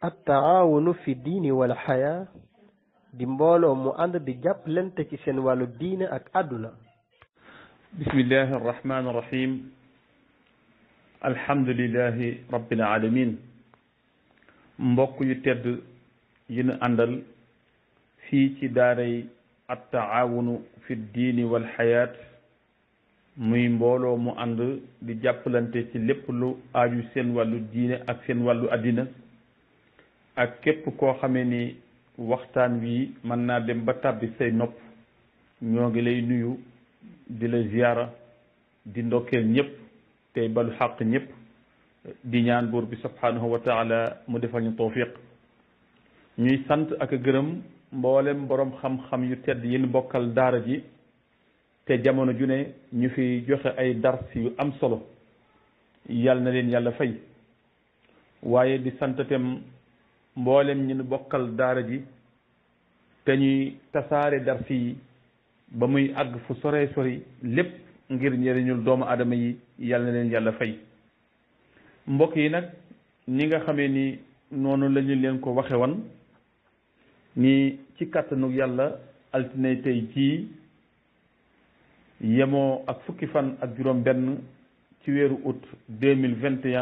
attaawunu fi diini wala xayaa di mbooloo mu ànd di jàppalante ci seen wàllu diine ak àdduna bismillahi arrahmani arrahim alhamdulilahi mbokk yu tedd yu nu àndal fii ci daaray attaawunu fi diini wal xayaat muy mbooloo mu ànd di jàppalante ci lépp lu aaju seen wàllu diine ak seen wàllu àddina ak képp koo xamee ni waxtaan wi mën naa dem ba tàbbi say nopp ñoo ngi lay nuyu di la ziyaara di ndokkeel ñépp tey balu xàq ñëpp di ñaan buur bi subhanahu wa mu defal ñu tawfiq ñuy sant ak gërëm mboolem boroom xam-xam yu tedd yi ñu bokkal daara ji te jamono ju ne ñu fi joxe ay dars yu am solo yal na leen yàlla fay waaye di santatem mboolem ñu bokkal daara ji te ñuy tasaare darsi ba muy àgg fu sore sori lépp ngir njëriñul doomu aadama yi yàlla na leen yàlla fay mbokk yi nag ñi nga xame ni noonu lañu leen ko waxe woon ni ci kàttanu yàlla altine tey jii yemoo ak fukki fan ak juróom benn ci weeru août deux mille vingt et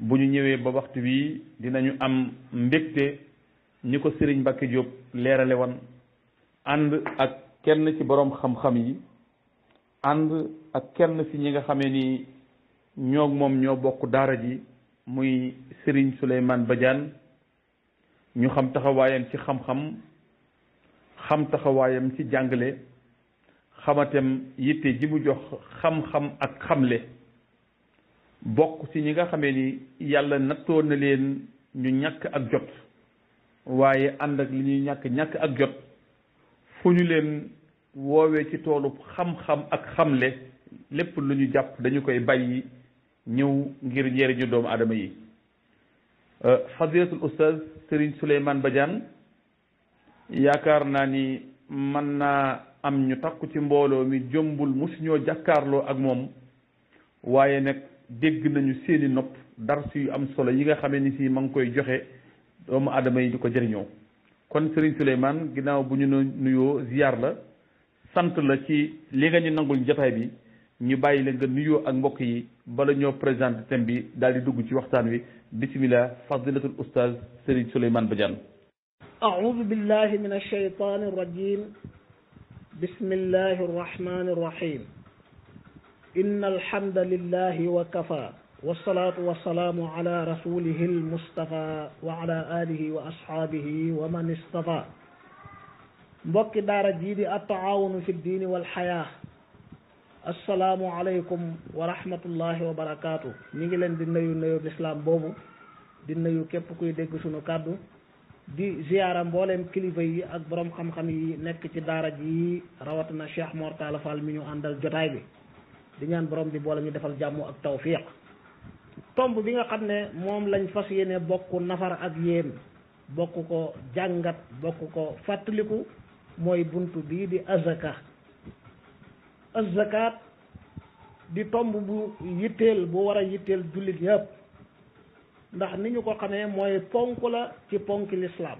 bu ñu ñëwee ba waxtu bii dinañu am mbégte ñi ko sëriñ Mbacke Diop leerale woon ànd ak kenn ci boroom xam-xam yi ànd ak kenn ci ñi nga xamee ni ñoo moom ñoo bokk daara ji muy Serigne Souleymane Badiane ñu xam taxawaayam ci xam-xam xam taxawaayam ci jàngale xamatem yitte ji mu jox xam-xam ak xamle bokk ci ñi nga xamee ni yàlla nattoon na leen ñu ñàkk ak jot waaye ànd ak li ñuy ñàkk ñàkk ak jot fu ñu leen woowee ci toolu xam-xam ak xamle lépp lu ñu jàpp dañu koy bàyyi ñëw ngir njëriñu doomu aadama yi euh, fadilatul ustaz Serigne Souleymane Badiane yaakaar naa ni mën naa am ñu takku ci mbooloo mi jombul mosuñoo jàkkaarloo ak moom waaye nag dégg nañu seeni nopp dars yu am solo yi nga xamee ni si ma ngi koy joxe doomu adama yi di ko jëriñoo kon Serigne Souleymane ginnaaw bu ñu nuyoo ziar la sant la ci li nga ñu nangul jotaay bi ñu bàyyi la nga nuyoo ak mbokk yi bala ñoo président thème bi daal di dugg ci waxtaan wi bismillah fadilatul oustaz Serigne Souleymane Badiane أعوذ بالله من الشيطان الرجيم بسم الله الرحمن الرحيم إن الحمد لله وكفى والصلاة والسلام على رسوله المصطفى وعلى آله وأصحابه ومن اصطفى بك دار جيدي التعاون في الدين والحياة السلام عليكم ورحمة الله وبركاته نيجلن دي نيو نيو بسلام بوبو دي نيو كيب كوي ديك سنو كادو دي زيارة مبولم كليفي أكبرم خم خمي نكتي دار جي روتنا شيخ مورتال فالمينو أندل جرائبي di ñaan borom bi boole ñu defal jàmm ak tawfiq tomb bi nga xam ne moom lañ fas yéene bokk nafar ak yéen bokk ko jàngat bokk ko fàttaliku mooy bunt bii di azaka azakaat di tomb bu yitteel bu war yitteel jullit yëpp ndax ni ñu ko xamee mooy ponk la ci ponk lislaam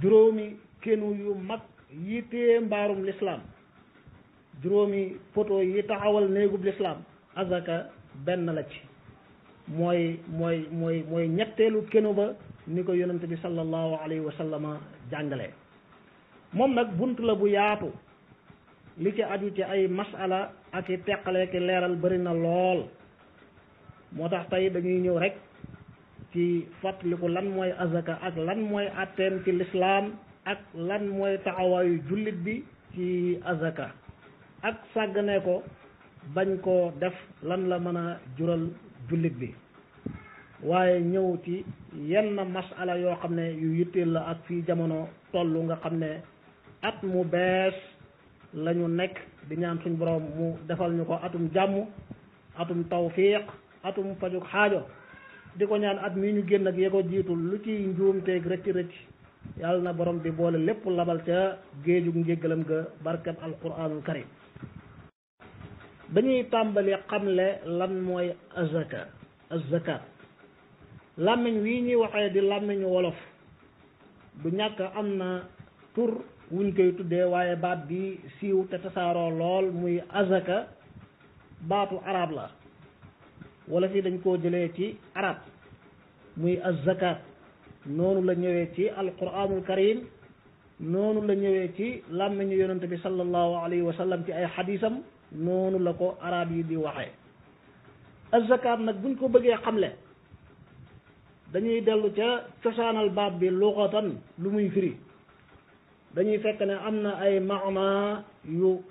juróomi kenu yu mag yittee mbaarum lislaam juróomi poto yi taxawal néegub lislaam azaka benn la ci mooy mooy mooy ñetteelu kenu ba ni ko yonent bi sallallahu alayhi wa sallama jàngale moom nag bunt la bu yaatu li ci aju ci ay masala ak yi teqale ki leeral bëri na lool moo tax tey dañuy ñëw rekk ci fàttaliku lan mooy azaka ak lan mooy atteem ci lislaam ak lan mooy taxawaayu jullit bi ci azaka ak sàgganee ko bañ koo def lan la mën a jural jullit bi waaye ñëw ci yenn masala yoo xam ne yu yitteel la ak fii jamono tollu nga xam ne at mu bees lañu nekk di ñaan suñ boroom mu defal ñu ko atum jàmm atum tawfiq atum fajug xaajo di ko ñaan at mi ñu génn ak yee ko jiitu lu ciy njuumteeg rëcc rëcc yàlla na borom bi boole lépp labal ca géejug njéggalam ga barkeb alquranul karim dañuy tàmbali xamle lan mooy azaka azakat làmmiñ wi ñuy waxee di làmmiñu wolof du ñàkk am na tur wuñ koy tuddee waaye baat bi siiw te tasaaroo lool muy azaka baatu arab la wala fi dañ ko jëlee ci arab muy azakat noonu la ñëwee ci alquranul karim noonu la ñëwee ci làmmiñu yonante bi sallallahu alayhi wa sallam ci ay xadisam noonu la ko arab yi di waxee azakaat nag buñ ko bëggee xamle dañuy dellu ca cosaanal baat bi luxatan lu muy firi dañuy fekk ne am na ay maana yu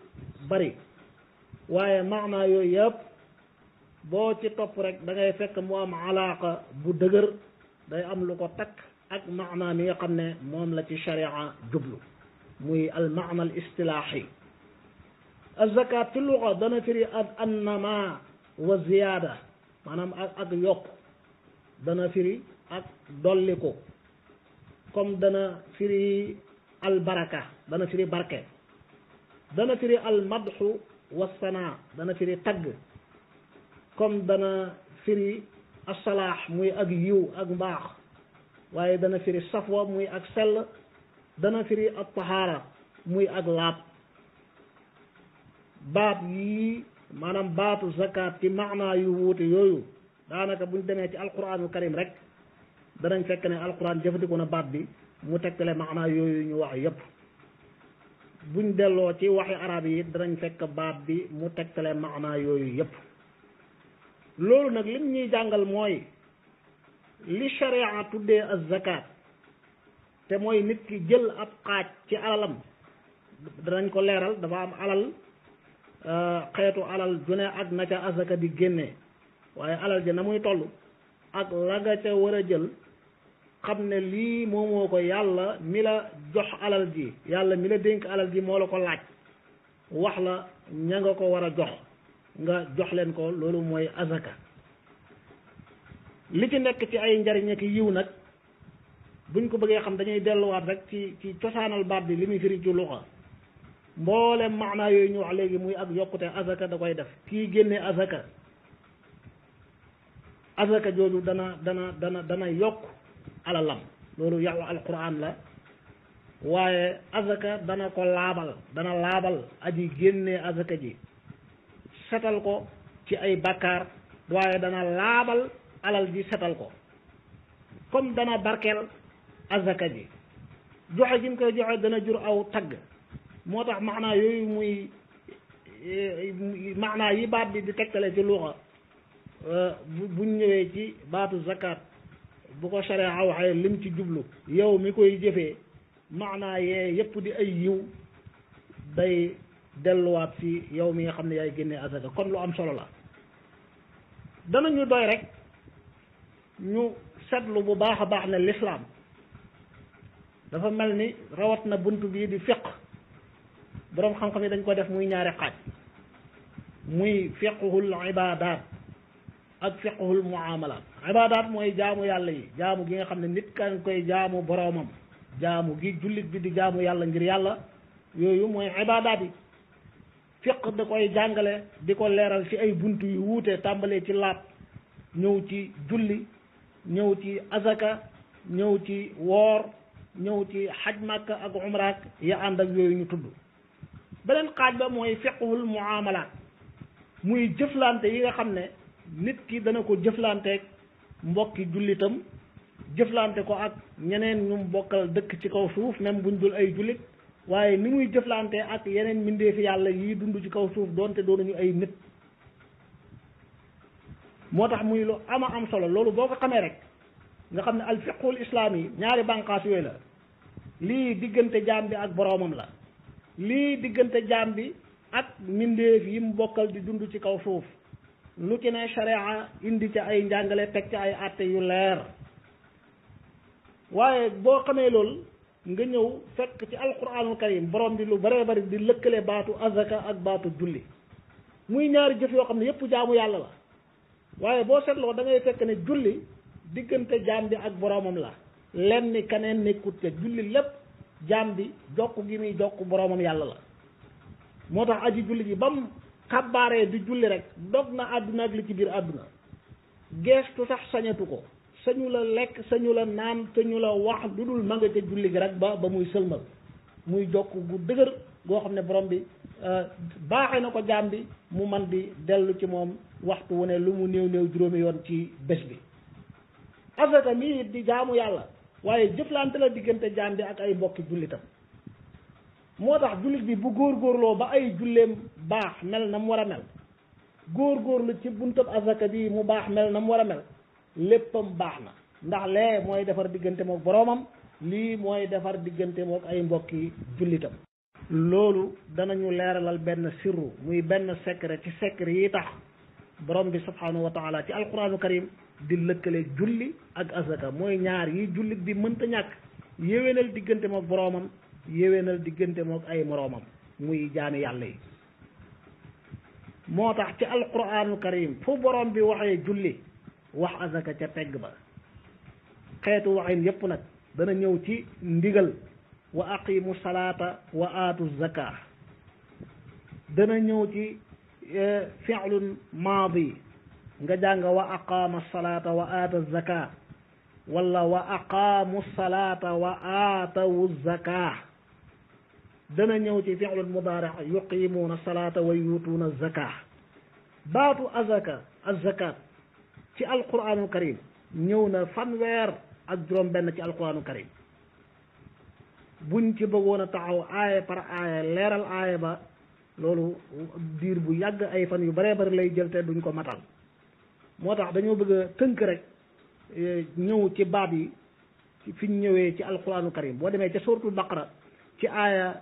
bari waaye maana yooyu yëpp boo ci topp rek da ngay fekk mu am alaaqa bu dëgër day am lu ko takk ak maana mi nga xam ne moom la ci sharia jublu muy al maana al istilaahi azaka ci luxa dana firi ak annama wa ziyaada maanaam ak ak yokk dana firi ak dolliku comme dana firi al baraka dana firi barke dana firi al madxu wa sana dana firi tagg comme dana firi asalaax muy ak yiw ak mbaax waaye dana firi safwa muy ak sell dana firi ak tahaara muy ak laat baat yii maanaam baatu zakat ci maanaa yu wuute yooyu daanaka buñ demee ci alquranul karim rek danañ fekk ne alquran jëfandikoo na baat bi mu tegtale maanaa yooyu ñu wax yépp buñ delloo ci waxi arab yi danañ fekk baat bi mu tegtale maanaa yooyu yépp loolu nag lim ñuy jàngal mooy li sharia tuddee azzakat te mooy nit ki jël ab xaaj ci alalam danañ ko leeral dafa am alal euh, xeetu alal june ak na ca azaka di génnee waaye alal ja na muy toll ak la nga ca war a jël xam ne lii moomoo ko yàlla mi la jox alal ji yàlla mi la dénk alal ji moo la ko laaj wax la ña nga ko war a jox nga jox leen ko loolu mooy azaka li ci nekk ci ay njariñ ak yiw nag buñ ko bëggee xam dañuy delluwaat rek ci ci cosaanal baat bi li muy firi ci luxa mboolem maanaa yooyu ñu wax léegi muy ak yokkute azaka da koy def kii génne azaka azaka jooju dana dana dana dana yokk alalam loolu yàlla alquran la waaye azaka dana ko laabal dana laabal aji génne azaka ji setal ko ci ay bakkaar waaye dana laabal alal ji setal ko comme dana barkel azaka ji joxe gi mu koy joxe dana jur aw tag motax makna yoy muy makna yi baat bi di tektale ci luxa buñ ñewé ci baatu zakat bu ko sharia waxee lim ci jublu yow mi koy jëfé makna ye yep di ay yiw day delluwaat ci yow mi nga xam yaay genné azaka kon lu am solo la ñu doy rek ñu seetlu bu baax a baax ne lislaam dafa mel ni rawat na bunt bii di fiq boroom xam-xam yi dañ ko def muy ñaari xaaj muy fiqhul ibadat ak fiqhul muamalat ibadat mooy jaamu yàlla yi jaamu gi nga xam ne nit kan koy jaamu boroomam jaamu gi jullit bi di jaamu yàlla ngir yàlla yooyu mooy ibadat yi fiq da koy jàngale di ko leeral ci ay bunt yu wuute tàmbalee ci laat ñëw ci julli ñëw ci azaka ñëw ci woor ñëw ci xaj màkka ak umraak ya ànd ak yooyu ñu tudd beneen xaaj ba mooy fiqhul muamalaat muy jëflante yi nga xam ne nit ki dana ko jëflanteeg mbokki jullitam jëflante ko ak ñeneen ñu bokkal dëkk ci kaw suuf même buñ dul ay jullit waaye ni muy jëflante ak yeneen mbindeefi yàlla yi dund ci kaw suuf doonte doonuñu ay nit motax muy lo ama am solo loolu boko xamé rek nga xamné al fiqul islam yi ñaari bankas yoy la li digënté jambi ak boromam la li digënté jambi ak mbindeef yi mu bokal di dund ci kaw suuf lu ci ne sharia indi ci ay njàngale teg ci ay àtte yu leer waaye boo xamee lool nga ñëw fekk ci alquranul karim borom bi lu bare bare di lëkkale baatu azaka ak baatu julli muy ñaari jëf yoo xam ne yépp jaamu yàlla la waaye boo seetloo da ngay fekk ne julli diggante jaam bi ak boroomam la lenn ni keneen nekkut ca julli lépp jaam bi jokk gi muy jokk boroomam yàlla la moo tax aji julli ji bam xabaaree di julli rek dog na àdduna ak li ci biir àdduna geestu sax sañatu ko sañu la lekk sañula la naan sañu la wax lu dul ma ca julli gi rek ba ba muy sëlmal muy jokk gu dëgër goo xam ne borom bi Euh, baaxe na ko jaam bi mu man di dellu ci moom waxtu wu ne lu mu néew néew juróomi yoon ci bés bi asaka mi di jaamu yàlla waaye jëflante la diggante jaam bi ak ay mbokki jullitam moo tax jullit bi bu góor góorloo ba ay julleem baax mel na mu war a mel góorgóorlu ci buntab asaka bi mu baax mel na mu war a mel léppam baax na ndax lee mooy defar diggante mook boroomam lii mooy defar diggante mook ay mbokki jullitam loolu danañu leeralal benn sirru muy benn secret ci secret yi tax borom bi subhanahu wa taala ci alquranu karim di lëkkale julli ak azaka mooy ñaar yi jullit bi mënta ñàkk yéwénal diggante mook boromam yéwénal diggante mook ay moroomam muy jaami yàlla yi moo tax ci alquranu karim fu borom bi waxee julli wax azaka ca pegg ba xeetu waxin yépp nag dana ñëw ci ndigal وأقيموا الصلاة وآتوا الزكاة دنا نيوتي آه، فعل ماضي نجانغا وأقام الصلاة وآتوا الزكاة والله وأقاموا الصلاة وآتوا الزكاة دنا نيوتي فعل مضارع يقيمون الصلاة ويؤتون الزكاة بعض الزكاة الزكاة في القرآن الكريم نيونا فانوير الجرم بين القرآن الكريم buñ ci bëggoon a taxaw aaya par aaya leeral aaya ba loolu diir bu yàgg ay fan yu baree bari lay jël te duñ ko matal moo tax dañoo bëgg a tënk rek e, ñëw ci baat yi fi ñu ñëwee ci alquranu karim boo demee ca suratul baqara ci aaya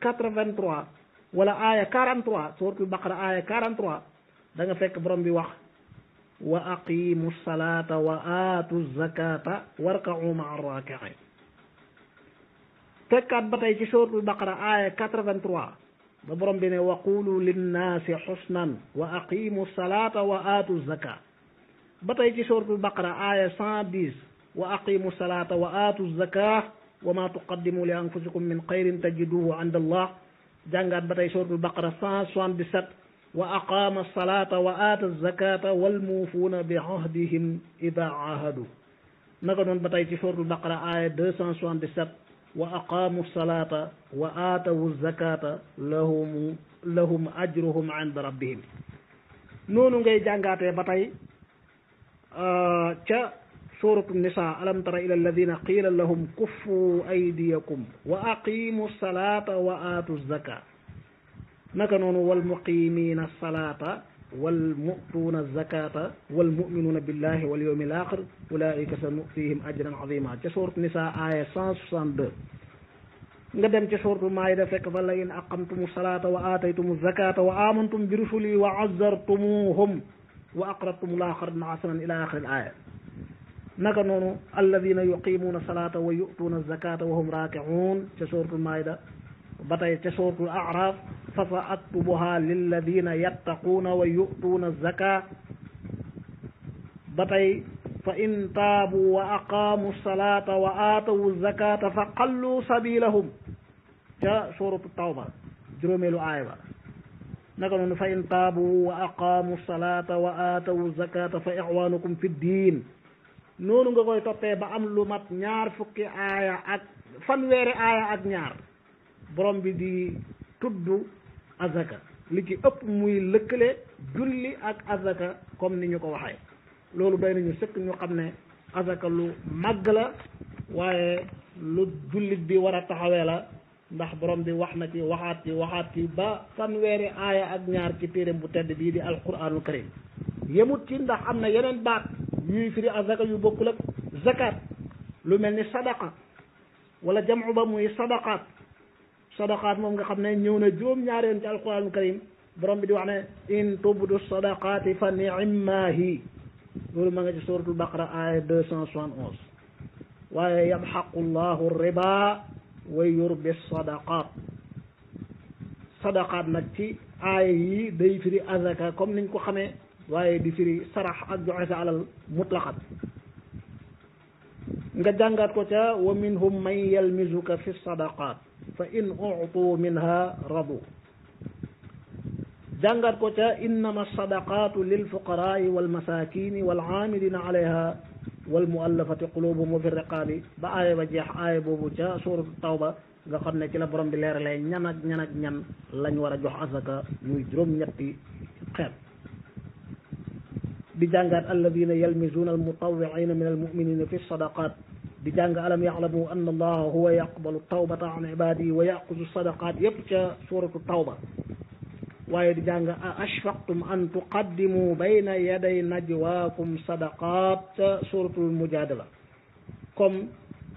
quatre-vingt-trois wala aaya quarante-trois suratul baqara aaya quarante-trois da nga fekk borom bi wax wa aqimu salata wa aatu zakata warkau maa arrakiin تكاد بطاي في سورة البقرة آية 83 ببرم بني وقولوا للناس حسنا وأقيموا الصلاة وآتوا الزكاة بطاي في سورة البقرة آية 110 وأقيموا الصلاة وآتوا الزكاة وما تقدموا لأنفسكم من خير تجدوه عند الله جنجات بطاي سورة البقرة 117 وأقام الصلاة وآت الزكاة والموفون بعهدهم إذا عاهدوا نقدون بطاي في سورة البقرة آية 277 وأقاموا الصلاة وآتوا الزكاة لهم لهم أجرهم عند ربهم نون غي جانغات بطاي تا آه، سورة النساء ألم تر إلى الذين قيل لهم كفوا أيديكم وأقيموا الصلاة وآتوا الزكاة نكنون والمقيمين الصلاة والمؤتون الزكاة والمؤمنون بالله واليوم الآخر أولئك سنؤتيهم أجرا عظيما تسورة نساء آية 162 ندم تسورة ما إذا فكفل إن أقمتم الصلاة وآتيتم الزكاة وآمنتم برسلي وعزرتموهم وأقربتم الآخر عسرا إلى آخر الآية نكنون الذين يقيمون الصلاة ويؤتون الزكاة وهم راكعون تسورة ما إذا بطي تشوط الأعراف فسأكتبها للذين يتقون ويؤتون الزكاة بطي فإن تابوا وأقاموا الصلاة وآتوا الزكاة فقلوا سبيلهم جاء شروط التوبة جرميلو آيبا نقول فإن تابوا وأقاموا الصلاة وآتوا الزكاة فإعوانكم في الدين نون نقول تطيب أملو مات نار فكي آية أك فنوير آية أك نار borom bi di tudd azaka li ci ëpp muy lëkkale julli ak azaka comme ni ñu ko waxee loolu doy nañu sëkk ñu xam ne azaka lu màgg la waaye lu jullit bi war a taxawee la ndax borom bi wax na ci waxaat ci waxaat ci ba fanweeri aaya ak ñaar ci téereem bu tedd bii di alquranul karim yemut ci ndax am na yeneen baat yuy firi azaka yu bokkul ak zakat lu mel ni sadaqa wala jamu ba muy sadaqaat صدقات مم خم نيونا جوم نارين القرآن الكريم برم بدو عنا إن تبدو الصدقات فنعم ما هي نقول مانجا سورة البقرة آية 211 ويمحق الله الربا ويربي الصدقات صدقات نكتي آية هي دي فري أذكا كم ننكو خمي waye di firi sarah ak du'a ta alal mutlaqat nga jangat ko ca wa may yalmizuka fi sadaqat فإن أعطوا منها رضوا جنگر كوتا إنما الصدقات للفقراء والمساكين والعاملين عليها والمؤلفة قلوبهم في الرقاب بآية وجيح آية, آية بوبوتا سورة التوبة غقر نتلا برم بلير لين نانك نانك نان لن ورجوح أزكا نجرم نتي خير بجنگر الذين يلمزون المطوعين من المؤمنين في الصدقات بجانج ألم يعلموا أن الله هو يقبل التوبة عن عبادي ويأخذ الصدقات يبكى سورة التوبة وايد جانج أشفقتم أن تقدموا بين يدي نجواكم صدقات سورة المجادلة كم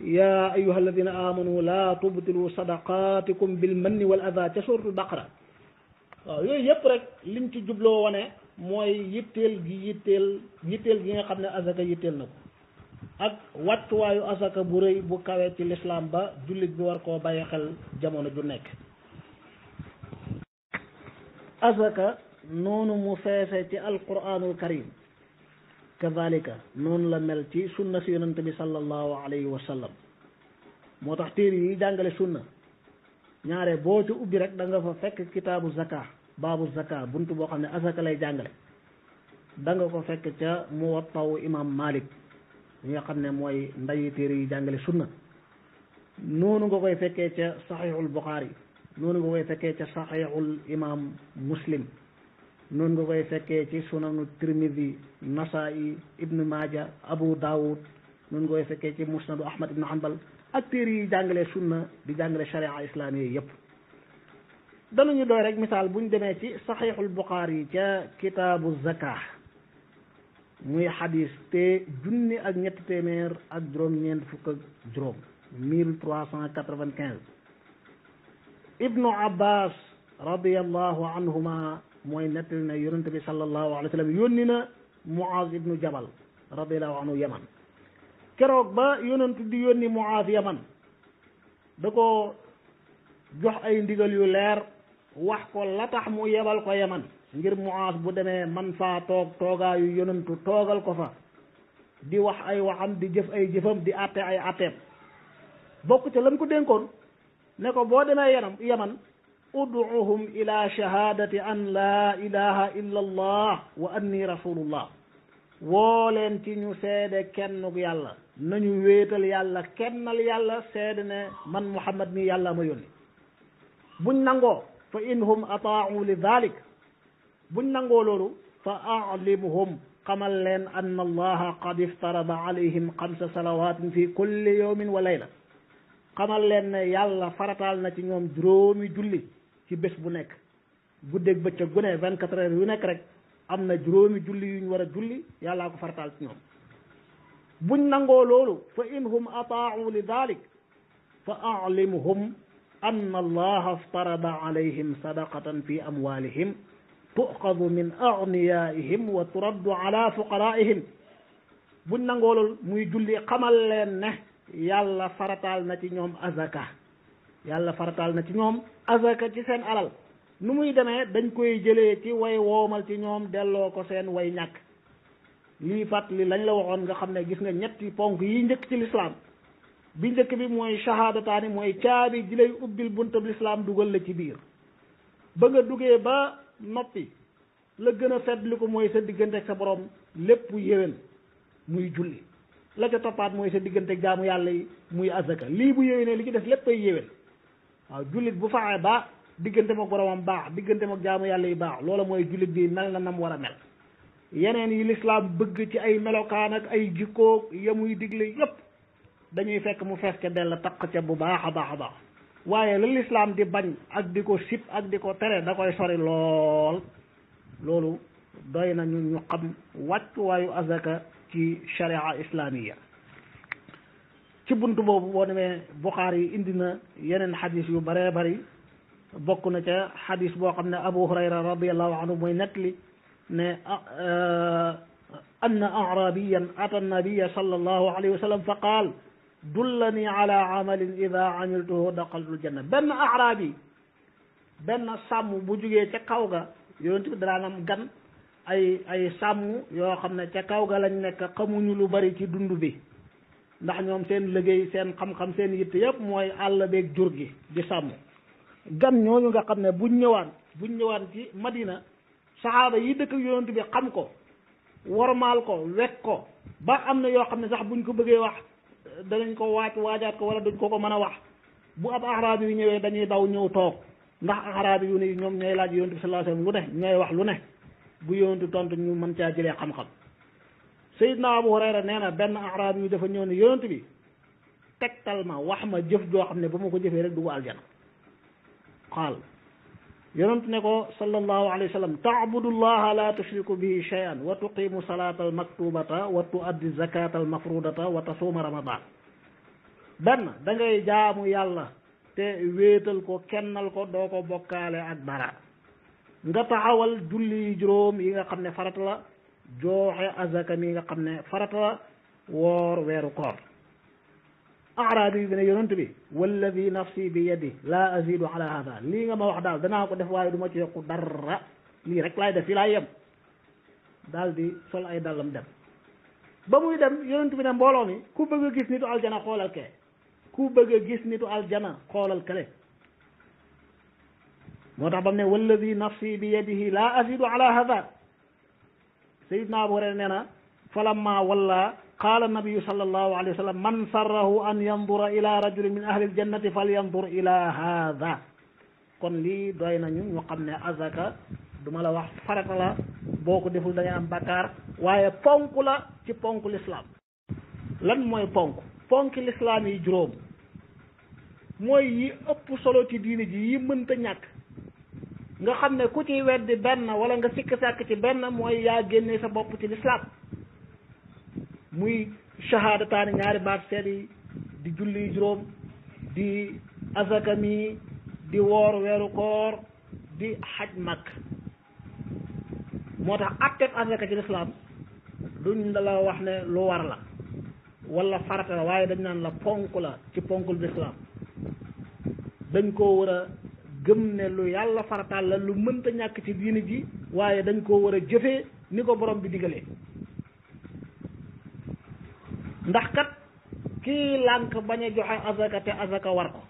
يا أيها الذين آمنوا لا تبطلوا صدقاتكم بالمن والأذى سورة البقرة يجب لم لنتجبلو وانا موي يتل يتل يتل جينا قبل أذى يتل نكو ak wàccuwaayu asaka bu rëy bu kawe ci lislaam ba jullit bi war koo bàyyi xel jamono ju nekk asaka noonu mu feese ci alquranul karim kazalika noonu la mel ci sunna si yonante bi sallallahu alayhi wa moo tax téere yi jàngale sunna ñaaree boo ci ubbi rek da nga fa fekk kitaabu zaka baabu zaka bunt boo xam ne asaka lay jàngale da ko fekk ca muwattawu imam malik li nga xam ne mooy ndayi téere yi jàngale sunna noonu nga koy fekkee ca saxiixul buxaari noonu nga koy fekkee ca saxiixul imaam muslim noonu nga koy fekkee ci sunanu tirmidi nasaa'i ibnu maaja abu daawud noonu nga koy fekkee ci musnadu ahmad ibnu hanbal ak téere yi jàngale sunna di jàngale sharia islaamiya yépp danañu doy rek misaal buñ demee ci saxiixul buxaari ca kitaabu zakaa muy xadis te junni ak ñetti téeméer ak juróom-ñeent fukk ak juróom mille trois cent quatre-vingt-quinze ibnu abbas radiallahu anhuma mooy nettali na yonente bi sallallahu alayhi wa sallam yónni na muaz ibnu jabal anhu yaman keroog ba yonentu di yónni yaman da ko jox ay ndigal yu leer wax ko la tax mu yebal ko yaman ngir muaas bu demee man faa toog toogaayu yonantu toogal ko fa di wax ay waxam di jëf ay jëfam di àtte ay àtteem bokk ca lam ko dénkoon ne ko boo demee yanam yaman ud'uhum ila shahadati an la ilaha illa allah wa anni rasulullah woo leen ci ñu seede kennuk yàlla nañu wéetal yàlla kennal yàlla seede ne man muhammad mi yàlla ma yónni buñ nangoo fa in hum ataau li dalik buñ nangoo loolu fa alimhum xamal leen ann allaha qad iftarada alayhim xamsa salawatin fi kulli yawmin wa layla xamal leen ne yàlla farataal na ci ñoom juróomi julli ci bés bu nekk guddeeg bëccëg gu ne vingt quatre heures yu nekk rek am na juróomi julli yuñ war a julli yàllaa ko farataal ci ñoom buñ nangoo loolu fa in hum ataau li dalik fa alimhum ann allaha iftarada alayhim sadaqatan fi amwalihim tuxadu min agniyaihim wa turaddu ala fuqaraihim bu nangoolul muy julli xamal leen ne yàlla farataal na ci ñoom azaka yàlla farataal na ci ñoom azaka ci seen alal nu muy demee dañ koy jëlee ci way woomal ci ñoom delloo ko seen way ñàkk lii fàttali lañ la waxoon nga xam ne gis nga ñetti ponk yi njëkk ci lislaam bi njëkk bi mooy shahadataani mooy caabi ji lay ubbil buntab lislaam dugal la ci biir ba nga duggee ba noppi la gën a feddli ko mooy sa diggante ak sa borom lépp yéwén muy julli la ca toppaat mooy sa diggante ak jaamu yàlla yi muy azaka lii bu yéwénee li ci def lépp ay yéwén waaw jullit bu faxee baax diggante mook boromam baax diggante mook jaamu yàlla yi baax loola mooy jullit bi mel na nam war a mel yeneen yi lislaam bëgg ci ay melokaan ak ay jikkoog yamuy digle yépp dañuy fekk mu fees ca dell taq ca bu baax a baax a baax waaye la lislaam di bañ ak di ko sib ak di ko tere da koy sori lool loolu doy na ñu ñu xam wàccuwaayu azaka ci sharia islamiya ci bunt boobu boo demee buxaari yi indi na yeneen xadis yu bëree bëri bokk na ca xadis boo xam ne abu hurayra radiallahu anhu mooy nettali ne anna arabiyan ata annabiya sallallahu alayhi wa sallam fa qaal dullani ala amalin ida amiltuhu daqaltul janna benn araab yi benn sàmm bu jógee ca kaw ga yonent bi daan gan ay ay sàmm yoo xam ne ca kaw ga lañ nekk xamuñu lu bari ci dund bi ndax ñoom seen liggéey seen xam-xam seen yitt yëpp mooy àll beeg jur gi di sàmm gan ñooñu nga xam ne buñ ñëwaan buñ ñëwaan ci madina saxaaba yi dëkk yonent bi xam ko wormaal ko wekk ko ba am na yoo xam ne sax buñ ko bëggee wax danañ ko waaj waajaat ko wala duñ ko ko mën a wax bu ab araab yu ñëwee dañuy daw ñëw toog ndax araab yu ni ñoom ñooy laaj yonent bi sallallahu alayhi wasallam lu ne wax lu ne bu yonent tontu ñu mën caa jëlee xam-xam Seydina Abu Hurayra nee na benn araab yu dafa ñëw ne yonent bi tegtal ma wax ma jëf joo xam ne ba ma ko jëfee rek dugg aljana xaal يرمت نكو صلى الله عليه وسلم تعبد الله لا تشرك به شيئا وتقيم صلاة المكتوبة وتؤدي الزكاة المفروضة وتصوم رمضان بن دنجي جامو يالا تي ويتل كو كنال دوكو بوكالي أكبر نغطا عوال جولي جروم يغا قمني فرطلا جوحي أزاكا ميغا قمني فرطلا وور ويرو كور arabi bi ne yonent bi walladi nafsi bi yadi laa azidu ala hada lii nga ma wax daal danaa ko def waaye du ma ci yokku dara lii rek laay def fii laay yem daal di sol ay dàllam dem ba muy dem yonent bi ne mbooloo mi ku bëgg a gis nitu aljana xoolal kee ku bëgg a gis nitu aljana xoolal kale moo tax ba mu ne walladi nafsi bi yadihi laa azidu ala hada sayidna abu hurayra nee na falamma walla qaala nabiyu sallallahu alayhi wa sallam man sarrahu an yandura ila rajulin min ahli aljannati falyandur ila haada kon lii doy nañu ñu xam ne azaka du la wax farata la boo ko deful da am bakkaar waaye ponk la ci ponk lislaam lan mooy ponk ponk lislaam yi juróom mooy yi ëpp solo ci diini ji yi mënta ñàkk nga xam ne ku ci weddi benn wala nga sikk sàkk ci benn mooy yaa génnee sa bopp ci lislaam muy shahadataani ñaari baat seet yi di julli juróom di asakami di woor weeru koor di xaj mag moo tax atteb asaka ci lislaam duñ la la wax ne lu war la walla farata waaye dañ naan la ponk la ci ponkul lislaam dañ ko war a gëm ne lu yàlla farataal la lu mënta ñàkk ci diini ji waaye dañ koo war a jëfee ni ko borom bi digalee ndax kat kii lànk bañ a joxe azaka te azaka war ko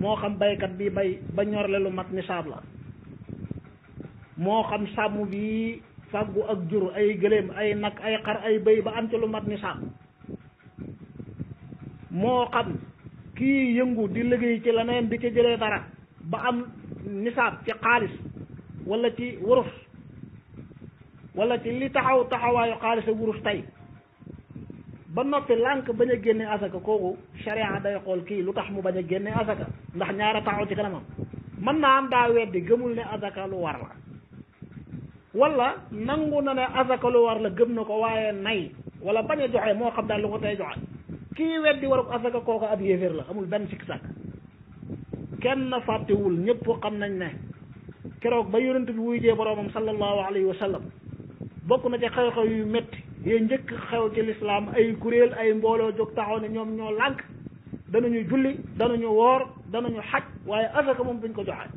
moo xam baykat bi bay ba ñorle lu mat nisaab la moo xam sàmm bi fàggu ak jur ay gëléem ay nag ay xar ay bëy ba am ci lu mat nisaab moo xam kii yëngu di liggéey ci leneen di ci jëlee dara ba am nisaab ci xaalis walla ci wurus wala ci li taxaw taxawaayu xaalis ak wurus tey ba noppi lànk bañ a génne asaka kooku sharia day xool kii lu tax mu bañ a génne asaka ndax ñaara taxaw ci kanamam mën naa am daa weddi gëmul ne asaka lu war la wala nangu na ne asaka lu war la gëm na ko waaye nay wala bañ a joxe moo xam daal lu ko tey joxe kii weddi waru asaka kooku ab yéeféer la amul benn sikk sàkk kenn fàttewul ñëpp xam nañ ne keroog ba yonent bi wuy jee boroomam sallallahu alayhi wa bokk na ci xew-xew yu métti yee njëkk xew ci lislaam ay kuréel ay mbooloo jóg taxaw ne ñoom ñoo lànk danañu julli danañu woor ñu xaj waaye asaka moom duñ ko joxe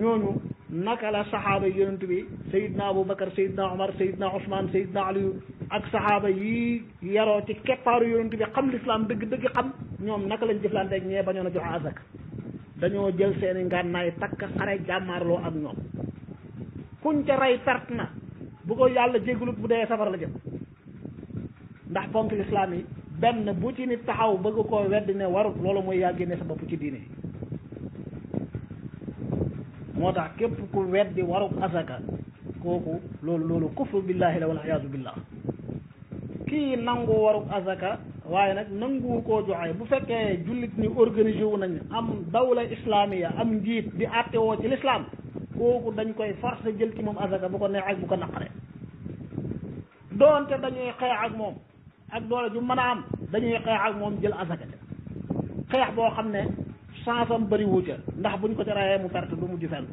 ñooñu naka la saxaaba yonent bi sayidna aboubacar sayidna omar sayidna ousmane sayidna aliyu ak saxaaba yi yaroo ci keppaaru yonent bi xam lislaam dëgg dëgg xam ñoom naka lañu jëflante ak ñee bañoon a joxe asaka dañoo jël seeni ngànnaay takk xare jàmmaarloo ak ñoom kuñ ca rey perte na bu ko yàlla jéggalut bu dee safara la jëm ndax ponk lislaam yi benn bu ci nit taxaw bëgg ko wedd ne warut loolu mooy yaa génne sa ci diine moo tax képp ku weddi warut asaka kooku loolu loolu kufru billaahi la wal iyaazu billah kii nangu warut asaka waaye nag nangu ko joxe bu fekkee jullit ñi organisé wu nañ am dawla islamiya am njiit di àttewoo ci lislaam kooku dañ koy forcé jël ci moom azaka bu ko neex ak bu ko naqaree doonte dañuy xeex ak moom ak doole ju mën a am dañuy xeex ak moom jël azaka ca xeex boo xam ne chance am bëri wu ca ndax buñ ko ca rayee mu perte du mu di fenn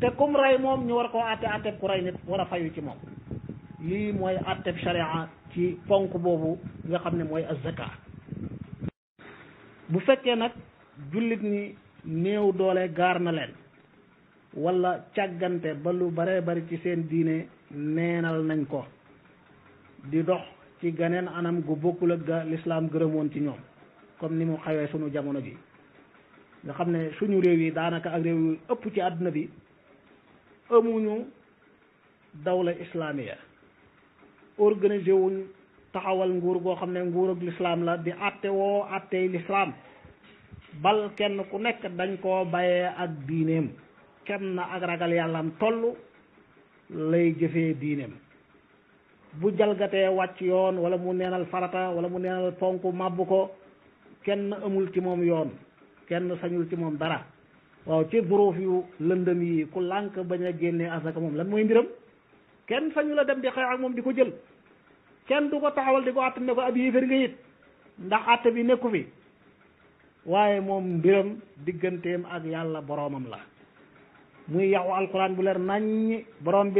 te kum rey moom ñu war a ko àtte àtteb ku rey nit war a fayu ci moom lii mooy àtteb sharia ci ponk boobu nga xam ne mooy azaka bu fekkee nag jullit ñi néew doole gaar na leen wala càggante ba lu bare bari ci seen diine neenal nañ ko di dox ci ganeen anam gu bokkul ak ga lislaam gërëmoon ci ñoom comme ni mu xawee sunu jamono ji nga xam ne suñu réew yi daanaka ak réew yu ëpp ci àdduna bi amuñu dawle islaamiya organisé wuñ taxawal nguur goo xam ne nguur ak lislaam la di àtte woo àttey lislaam bal kenn ku nekk dañ koo bàyyee ak diineem kem na ak ragal yàllam toll lay jëfee diineem bu jalgatee wàcc yoon wala mu neenal farata wala mu neenal ponk màbb ko kenn amul ci moom yoon kenn sañul ci moom dara waaw ci boróof yu lëndëm yi ku lànk bañ a génnee asaka moom lan mooy mbiram kenn sañu la dem di xeex ak moom di ko jël kenn du ko taxawal di ko àtt ne ko ab yéefar nga it ndax àtt bi nekku fi waaye moom mbiram digganteem ak yàlla boroomam la muy yaw القران bu leer nañ borom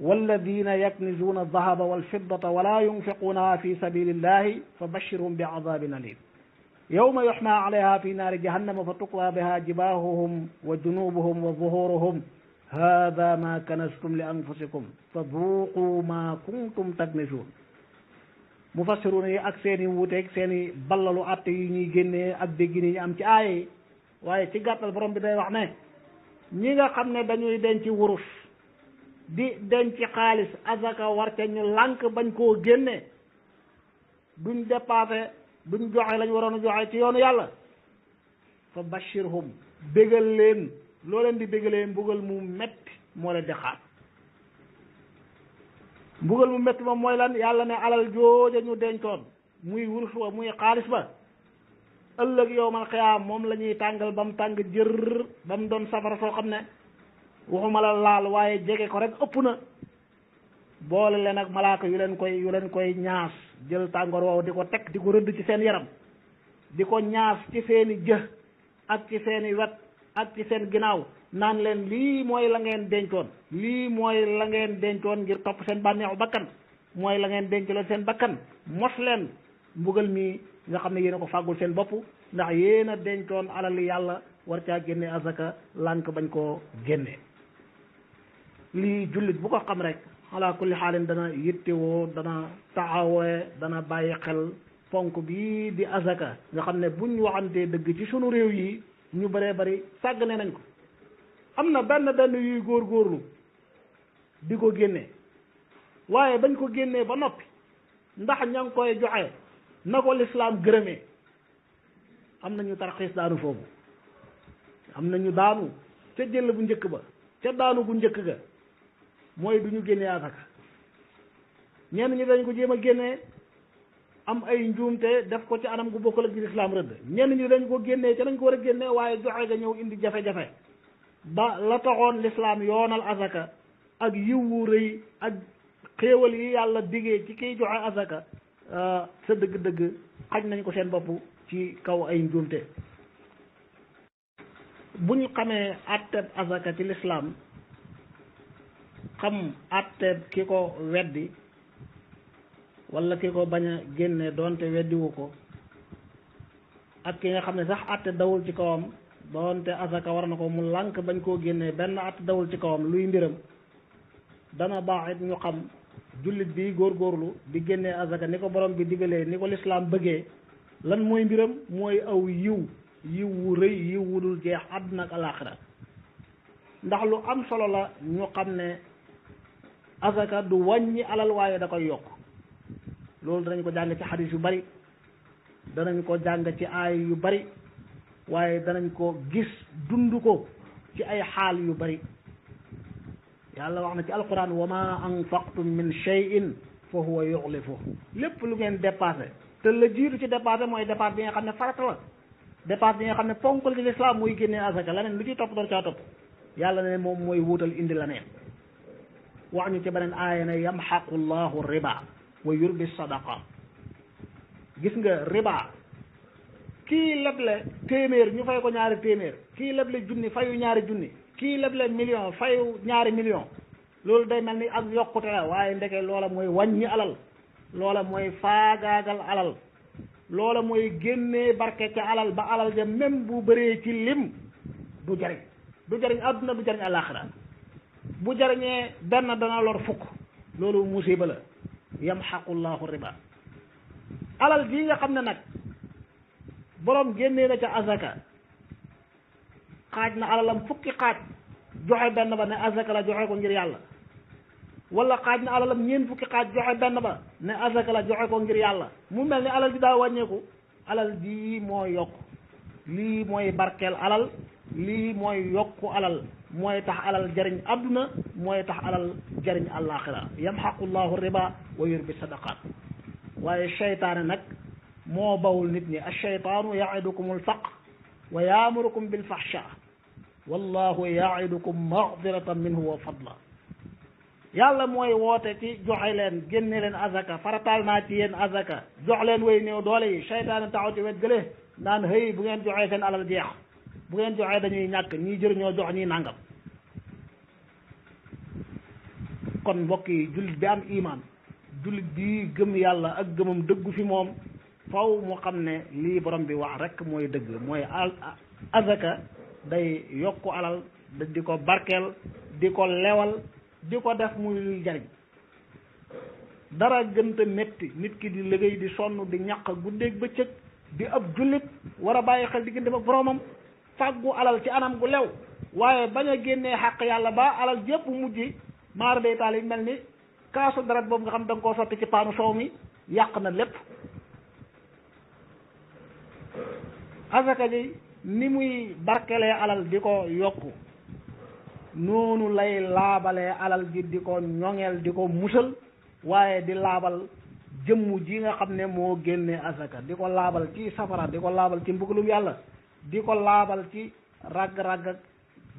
والذين يكنزون الذهب والفضة ولا ينفقونها في سبيل الله فبشرهم بعذاب أليم يوم يحمى عليها في نار جهنم فتقوى بها جباههم وجنوبهم وظهورهم هذا ما كنزتم لأنفسكم فذوقوا ما كنتم تكنزون مفسرون أكسيني وتكسيني بللوا أتيني جني أبدي جيني أمتي آي وإيه تقاتل برمبي دي وعنيه ñi nga xam ne dañuy denc wurus di denc xaalis azaka war ca ñu lànk bañ koo génne duñ dépassé duñ joxe lañ waroon a joxe ci yoonu yàlla fa bashirhum bégal leen loo di bégalee mbugal mu metti moo leen di xaar mbugal mu metti moom mooy lan yàlla ne alal jooja ñu dencoon muy wurus muy xaalis ba ëllëg yowmal xiyaam moom la ñuy tàngal ba mu tàng jër ba mu doon safara soo xam ne waxuma la laal waaye jege ko rek ëpp na boole leen ak malaaka yu leen koy yu leen koy ñaas jël tàngoor woowu di ko teg di ko rëdd ci seen yaram di ko ñaas ci seeni jë ak ci seeni wet ak ci seen ginnaaw naan leen lii mooy la ngeen dencoon lii mooy la ngeen dencoon ngir topp seen bànneexu bakkan mooy la ngeen denc leen seen bakkan mos leen mbugal mi nga xam ne yéen ko fàggul seen bopp ndax yéen a dencoon alal yàlla war ca génne azaka lànk bañ koo génne lii jullit bu ko xam rek ala kulli xaalin dana yittewoo dana taxawee dana bàyyi xel ponk bii di azaka nga xam ne buñ waxantee dëgg ci suñu réew yi ñu bëree bëri sàggane nañ ko am na benn benn yuy góor góorlu di ko génne waaye bañ ko génnee ba noppi ndax ña koy joxe na ko lislaam gërëmee am nañu tarxiis daanu foofu am ñu daanu ca jël bu njëkk ba ca daanu bu njëkk ga mooy du ñu génnee asaka ñenn ñi dañ ko jéem a génnee am ay njuumte def ko ci anam gu bokkul ak lislaam rëdd ñenn ñi dañ ko génnee ca nañ ko war a génnee waaye joxe ga ñëw indi jafe-jafe ba la taxoon lislaam yoonal asaka ak yiw wu rëy ak xéewal yi yàlla digee ci kiy joxe asaka Euh, sa dëgg-dëgg aj nañ ko seen bopp ci kaw ay njuumte bu ñu xamee àtteeb azaka ci lislaam xam àtteeb ki ko weddi walla ki ko bañ a génne doonte weddiwu ko ak ki nga xam ne sax àtte dawul ci kawam doonte azaka war na ko mu lànk bañ koo génnee benn àtte dawul ci kawam luy mbiram dana baax it ñu xam jullit bi góorgóorlu di génnee azaka ni ko borom bi digalee ni ko lislaam bëggee lan mooy mbiram mooy aw yiw yiw wu rëy yiw wu dul jeex àdduna ak alaaxira ndax lu am solo la ñu xam ne azaka du wàññi alal waaye da koy yokk loolu danañ ko jàng ci xadis yu bari danañ ko jàng ci aay yu bari waaye danañ ko gis dund ko ci ay xaal yu bari yàlla wax na ci alquran wa ma anfaqtum min shay'in fa huwa yuxlifu lépp lu ngeen dépassé te la jiitu ci dépassé mooy dépasse bi nga xam ne farata la dépasse bi nga xam ne ponkal ci lislaam muy génnee asaka leneen lu ci topp door caa topp yàlla ne moom mooy wuutal indi la neen wax ñu ci beneen aaya ne yamxaqu llahu riba wa yurbi sadaqa gis nga riba kii leble téeméer ñu fay ko ñaari téeméer kii leble junni yu ñaari junni kii leb leen million fayu ñaari million loolu day mel ni ak yokkute la waaye ndeke loola mooy wàññi alal loola mooy faagaagal alal loola mooy génnee barke ca alal ba alal ja même bu bëree ci lim du jariñ du jariñ àdduna du jariñ àllaaxira bu jariñee benn dana lor fukk loolu musiba la yamxaqullahu riba alal jii nga xam ne nag boroom génnee na ca azaka xaaj na alalam fukki xaaj joxe benn ba ne azaka la joxe ko ngir yàlla wala xaaj na alalam ñeen fukki xaaj joxe benn ba ne azaka la joxe ko ngir yàlla mu mel ni alal ji daa wàññeeku alal ji moo yokk lii mooy barkeel alal lii mooy yokku alal mooy tax alal jariñ adduna mooy tax alal jariñ àllaaxira yamxaqu llahu riba wa yurbi sadaqat waaye cheytaane nag moo bawul nit ñi alcheytaanu yaidukum alfaq wa yaamurukum bilfahsha wallahu yaidukum magfiratan minhu wa fadla yàlla mooy woote ci joxe leen génne leen azaka farataal naa ci yéen azaka jox leen way néew doole yi taxaw ci wet gële naan hëy bu ngeen joxee seen alal jeex bu ngeen joxee dañuy ñàkk ñii jëriñoo jox ñii nàngam kon mbokk yi jullit bi am iman jullit bi gëm yàlla ak gëmam dëggu fi moom faw mu xam ne lii borom bi wax rek mooy dëgg mooy azaka day yokku alal di ko barkeel di ko lewal di ko def muy jariñ dara gënta métti nit ki di liggéey di sonn di ñaq guddeeg bëccëg di ab jullit war a bàyyi xel diggante ak boromam fàggu alal ci anam gu lew waaye bañ a génnee xàq yàlla ba alal jépp mujj maar day taal yi mel ni kaasu deret boobu nga xam da nga koo sotti ci paanu soow mi yàq na lépp asaka ji ni muy barkelee alal di ko yokku noonu lay laabale alal ji di ko ñoŋeel di ko musal waaye di laabal jëmm ji nga xam ne moo génne asaka di ko laabal ci safara di ko laabal ci mbugalum yàlla di ko laabal ci ragg-ragg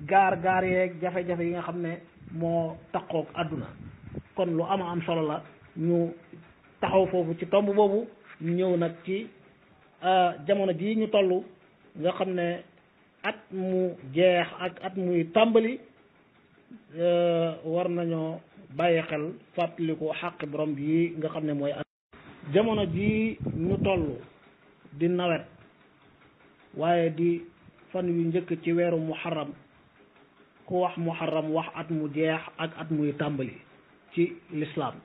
gaar-gaar yeeg jafe-jafe yi nga xam ne moo taqoog àdduna kon lu ama am solo la ñu taxaw foofu ci tomb boobu ñëw nag ci euh, jamono jii ñu toll nga xam ne at mu jeex ak at muy tàmbali euh, war nañoo bàyyi xel fàttaliku xàq borom bi nga xam ne mooy at jamono ji ñu tollu di nawet waaye di fan yu njëkk ci weeru muharram ku wax muharram wax at mu jeex ak at muy tàmbali ci lislaam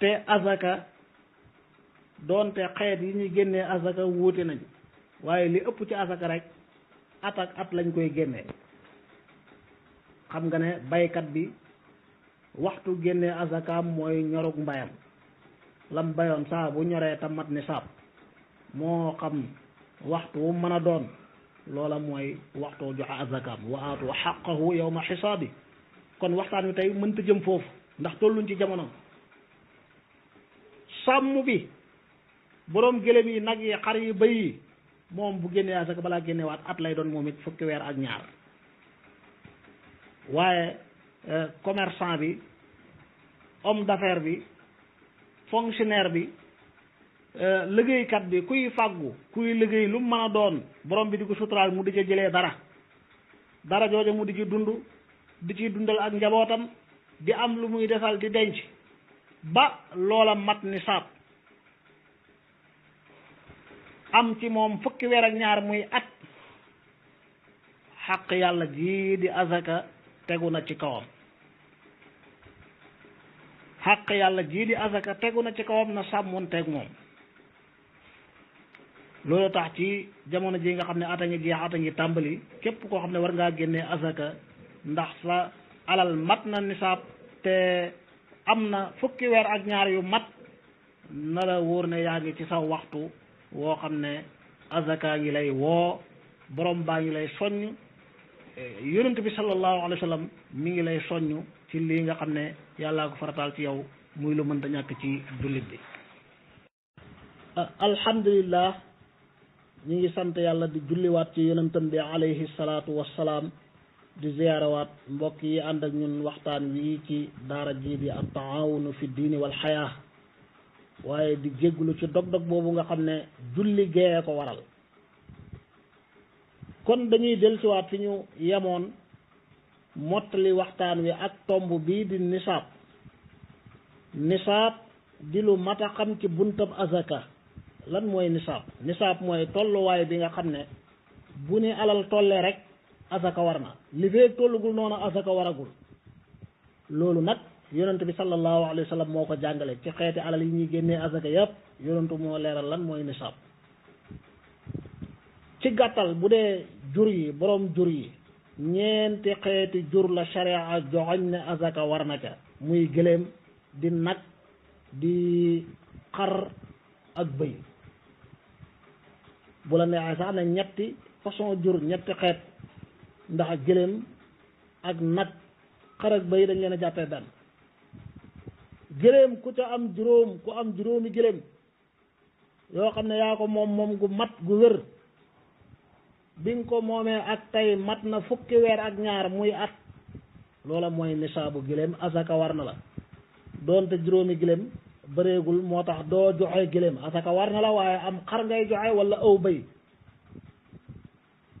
te azaka doonte xeet yi ñuy génnee azaka wuute nañ waaye li ëpp ci asaka rek at ak at lañ koy génnee xam nga ne baykat bi waxtu génnee asakaam mooy ñorug mbayam lam bayoon saa bu ñoree ta mat ni saab moo xam waxtu wu mën a doon loola mooy waxtu joxe asakaam wa aatu xaqahu yow ma xisaabi kon waxtaan wi tey mënta jëm foofu ndax tolluñ ci jamono sàmm bi boroom gëléem yi nag yi xar yi bëy yi moom bu génnee balaa génnewaat at lay doon moom it fukki weer ak ñaar waaye euh, commerçant bi homme d'affaires bi fonctionnaire bi euh, liggéeykat bi kuy fàggu kuy liggéey lu mu mën a doon borom bi di ko suturaal mu di ca jëlee dara dara jooja mu di ci dund di ci dundal ak njabootam di am lu muy defal di denc ba loola mat nisaab am ci moom fukki weer ak ñaar muy at xaq yàlla jii di azaka tegu na ci kawam xaq yàlla jii di azaka tegu na ci kawam na sàmmoon teg moom loolu tax ci jamono ji nga xam ne ata ngi jeex tàmbali képp koo xam ne war ngaa génne azaka ndax sa alal mat na nisaab te am na fukki weer ak ñaar yu mat na la wóor ne yaa ngi ci sa waxtu woo xam ne azaka ngi lay woo borom baa ngi lay soññ yonent bi sallallahu alayhi wa sallam mi ngi lay soññ ci lii nga xam ne yàllaa ko farataal ci yow muy lu mënta ñàkk ci jullit bi alhamdulillah ñi ngi sant yàlla di julliwaat ci yonentam bi alayhi salaatu wassalaam di ziyaarawaat mbokk yi ànd ak ñun waxtaan wii ci daara ji bi at taawunu fi diini wal xayaa waaye di jéggulu ci dog-dog boobu nga xam ne julli a ko waral kon dañuy dellusiwaat fi ñu yemoon mottali waxtaan wi ak tomb bii di nisaab nisaab di lu mat a xam ci buntab azaka lan mooy nisaab nisaab mooy tolluwaay bi nga xam ne bu ni alal tolle rek azaka war na li fee tollugul noonu azaka waragul loolu nag yonent bi sallallahu alayhi wa sallam moo ko jàngale ci xeeti alal yi ñuy génnee azaka yëpp yonentu moo leeral lan mooy nisaab ci gàttal bu dee jur yi boroom jur yi ñeenti xeeti jur la sharia joxoñ ne azaka war na ca muy gëléem di nag di xar ak bëy bu la neexee sax ne ñetti façon jur ñetti xeet ndax gëléem ak nag xar ak bëy dañ leen a jàppee benn gëléem ku ca am juróom ku am juróomi gëléem yoo xam ne yaa ko moom moom gu mat gu wér bi nga ko moomee ak tey mat na fukki weer ak ñaar muy at loola mooy nisaabu gëléem asaka war na la doon doonte juróomi gëléem bëreegul moo tax doo joxe gëléem asaka war na la waaye am xar ngay joxe walla aw bëy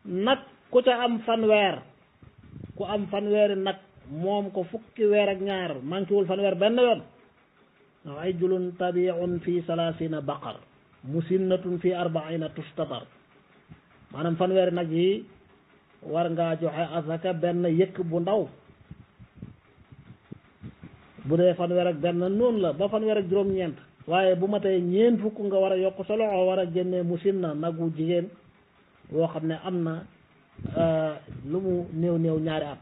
nag ku ca am fanweer ku am fanweeri nag moom ko fukki weer ak ñaar manqué fanweer benn yoon rajulun tabiun fi salaasina baqar musinnatun fi arbaina tustatar maanaam fanweeri nag yi war ngaa joxe asaka benn yëkk bu ndaw bu dee fanweer ak benn noonu la ba fanweer ak juróom-ñeent waaye bu ma tey ñeent fukk nga war a yokk sa loxo war a génnee musinna nagu jigéen woo xam ne am na euh, lu mu néew néew ñaari at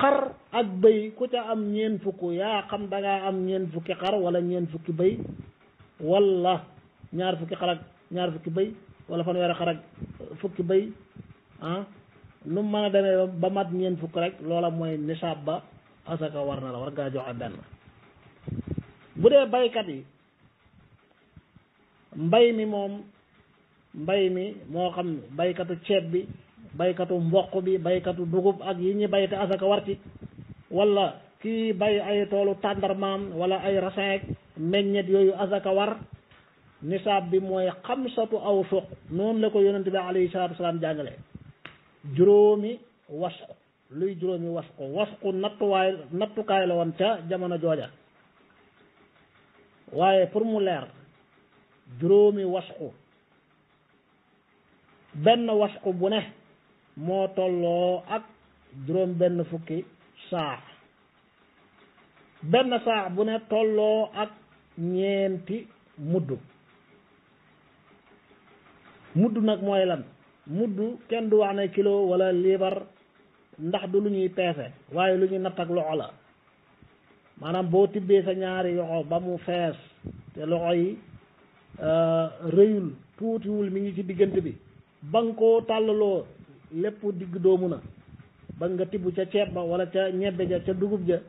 xar ak bëy ku ca am ñeen fukk yaa xam da am ñeen fukki xar wala ñeen fukki bëy wala ñaar fukki xar ak ñaar fukki bëy wala fanweeri xar ak fukki bëy ah nu mën a demee ba mat ñeen fukk rek loola mooy nisaab ba asaka war na la war ngaa joxe benn bu dee baykat yi mbay mi moom mbay mi moo xam baykatu ceeb bi baykatu mboq bi baykatu dugub ak yi ñi bay te asaka ci wala kii bay ay toolu tàndarmaam wala ay rasin meññet yooyu asaka war bi mooy xamsatu aw suq noonu la ko yonent bi alayhi salaatu wasalaam jàngale juróomi wasqu luy juróomi wasqu wasqu nattuwaay nattukaay la woon ca jamono jooja waaye pour mu leer juróomi wasqu benn wasqu bu ne moo tolloo ak juróom benn fukki saa benn saa bu ne tolloo ak ñeenti mudd mudd nag mooy lan mudd kenn du wax ne kilo wala liibar ndax du lu ñuy peese waaye lu ñuy natt ak loxo la maanaam boo tibbee sa ñaari yoxo ba mu fees te loxo yi euh, rëyul tuutiwul mu ngi ci diggant bi ba tàllaloo lépp digg doomu na ba nga tibb ca ceeb ba wala ca ñebbe ja ca dugub ja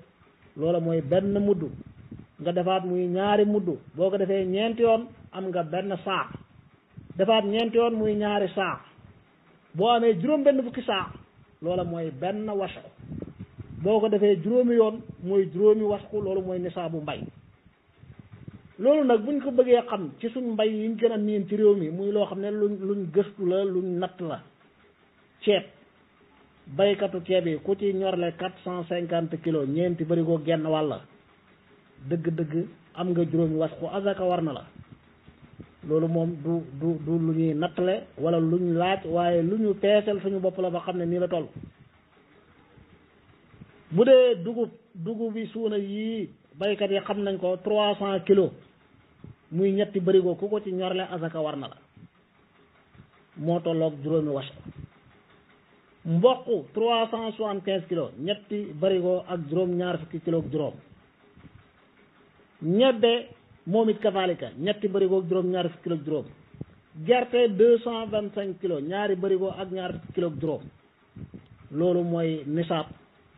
loola mooy benn mudd nga defaat muy ñaari mudd boo ko defee ñeenti yoon am nga benn saaq defaat ñeenti yoon muy ñaari saaq boo amee juróom benn fukki saaq loola mooy benn wasku boo ko defee juróomi yoon mooy juróomi wasku loolu mooy ne nisaabu mbay loolu nag buñ ko bëggee xam ci suñ mbay yiñ gën a miin ci réew mi muy loo xam ne luñ luñ gëstu la luñ natt la ceeb baykatu ceeb yi ku ci ñorle quatre cent cinquante kilos ñeenti barigo genn la dëgg-dëgg am nga juróomi was ko azaka war na la loolu moom du du du lu ñuy nattale wala lu ñu laaj waaye lu ñu peesal suñu bopp la ba xam ne nii la toll bu dee dugub dugub yi suuna yii baykat yi xam nañ ko trois cent kilos muy ñetti barigo ku ko ci ñorle azaka war na la moo tolloog juróomi was mboq trois cent soixante quinze kilos ñetti barigo ak juróom ñaar fukki kilo ak juróom ñebbe moom it kazalika ñetti barigo ak juróom ñaar fukki kilo ak juróom gerte deux cent vingt cinq kilos ñaari barigo ak ñaar fukki kilo ak juróom loolu mooy nisaab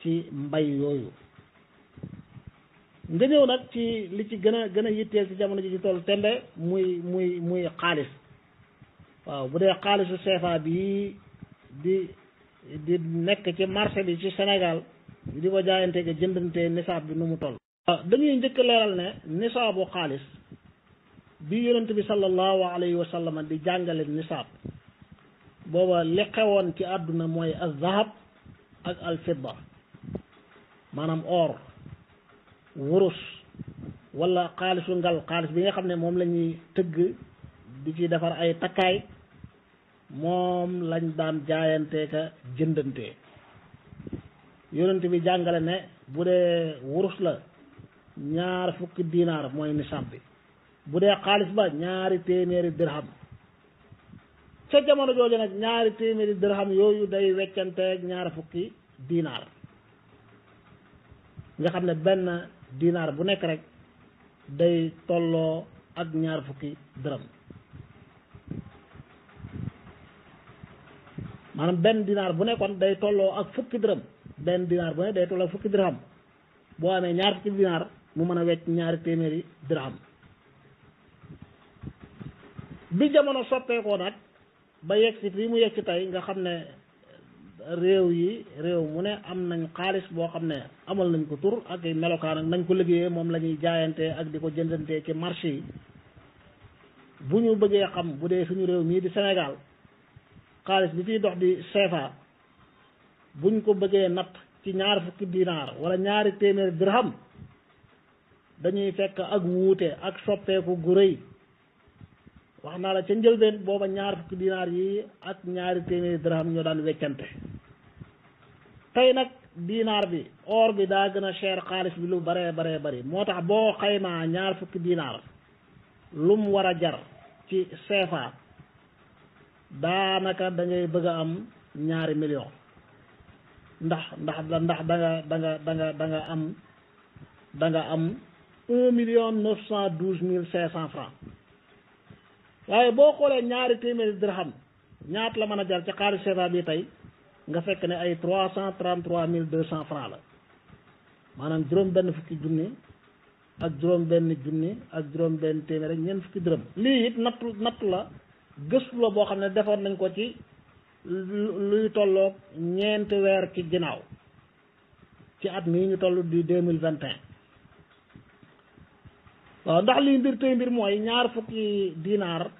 ci mbay yooyu nga ñëw nag ci li ci gën a gën a yitteel ci jamono ji ci toll tembe muy muy muy xaalis waaw bu dee xaalisu CFA bii di di nekk ci marché bi ci Sénégal di ko jaayante ga jëndante nisaab bi nu mu toll dañuy njëkk leeral ne nisaabu xaalis bi yonent bi sallallahu alayhi wa di jàngale nisaab booba li xewoon ci àdduna mooy al zahab ak al fidda maanaam or wurus wala xaalisu ngal xaalis bi nga xam ne moom lañuy tëgg di ci defar ay takkaay moom lañ daan jaayantee ka jëndantee yonent bi jàngale ne bu dee wurus la ñaar fukki dinaar mooy bu dee xaalis ñaari téeméeri ca jamono jooju nag ñaari téeméeri dirham yooyu day weccanteeg ñaar fukki dinaar nga xam ne benn dinaar bu nekk rek day tolloo ak ñaar fukki dërëm maanaam benn dinaar bu nekkoon day tolloo ak fukki dërëm benn dinar bu ne day tolloo fukki dërëm boo amee ñaar fukki dinaar mu mën a wecc ñaari téeméeri dërëm bi jamono soppeekoo nag ba yegg si fii mu yegg si tey nga xam ne réew yi réew mu ne am nañ xaalis boo xam ne amal nañ ko tur ak melokaan ak nañ ko liggéeyee moom lañuy jaayantee ak di ko jëndantee ci marché yi bu ñu bëggee xam bu dee suñu réew mii di Sénégal xaalis bi fiy dox di CFA buñ ko bëggee natt ci ñaar fukki dinaar wala ñaari téeméer dirham dañuy fekk ak wuute ak soppeeku gu rëy wax naa la ca njëlbeen booba ñaar fukki dinaar yi ak ñaari téeméer dirham ñoo daan weccante tey nag dinaar bi or bi daa gën a cher xaalis bi lu baree baree bari moo tax boo xaymaa ñaar fukki dinaar lum war a jar ci CFA daanaka da ngay bëgg am ñaari million ndax ndax ndax da nga da nga da nga da nga am da nga am un million neuf cent douze mille cinq cent francs waaye boo xoolee ñaari téeméeri dirham ñaat la mën a jar ci xaalis CFA bi tey nga fekk ne ay trois cent trente trois mille deux cent francs la maanaam juróom benn fukki junni ak juróom benn junni ak juróom benn téeméer ñeent fukki dërëm lii it nattu nattu la gëstu la boo xam ne defoon nañ ko ci luy tolloog ñeenti weer ci ginnaaw ci at mii ñu toll di deux mille vingt et un waaw ndax liy mbir tey mbir mooy ñaar fukki dinaar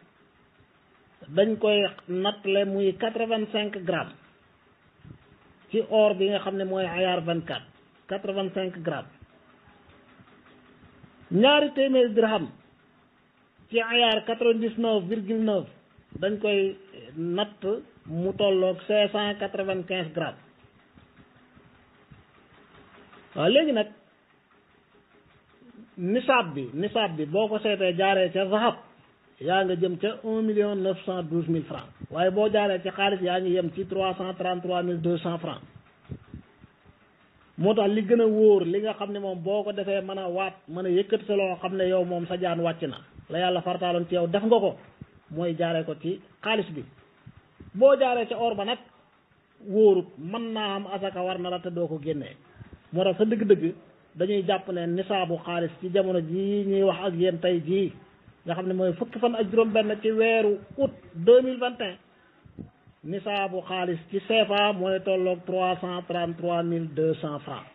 dañ koy nattale muy quatre vingt cinq grammes ci or bi nga xam ne mooy ayaar vingt quatre quatre vingt cinq grammes ñaari bi dirham ci ayaar quatre vingt dix neuf virgule neuf dañ koy natt mu tolloog cinq cent quatre vingt quinze grammes waaw léegi nag nisaab bi nissaab bi boo ko seetee jaaree ca zahab yaa nga jëm ca un million neuf cent douze mille francs waaye boo jaaree ca xaalis yaa ngi yem ci trois cent trente trois mille deux cent francs moo tax li gën a wóor li nga xam ne moom boo ko defee man a waat mën a yëkkati sa loxo xam ne yow moom sa jaan wàcc na la yàlla fartaaloon ci yow def nga ko mooy jaare ko ci xaalis bi boo jaaree ca or ba nag wóorut mën naa am asaka war na la te doo ko génnee moo tax sa dëgg-dëgg dañuy jàpp ne nisaabu xaalis ci jamono jii ñuy wax ak yéen tey jii nga xam ne mooy fukki fan ak juróom-benn ci weeru août deux mille vingt et un nisaabu xaalis ci CFA mooy tolloog trois cent trente trois mille deux cent francs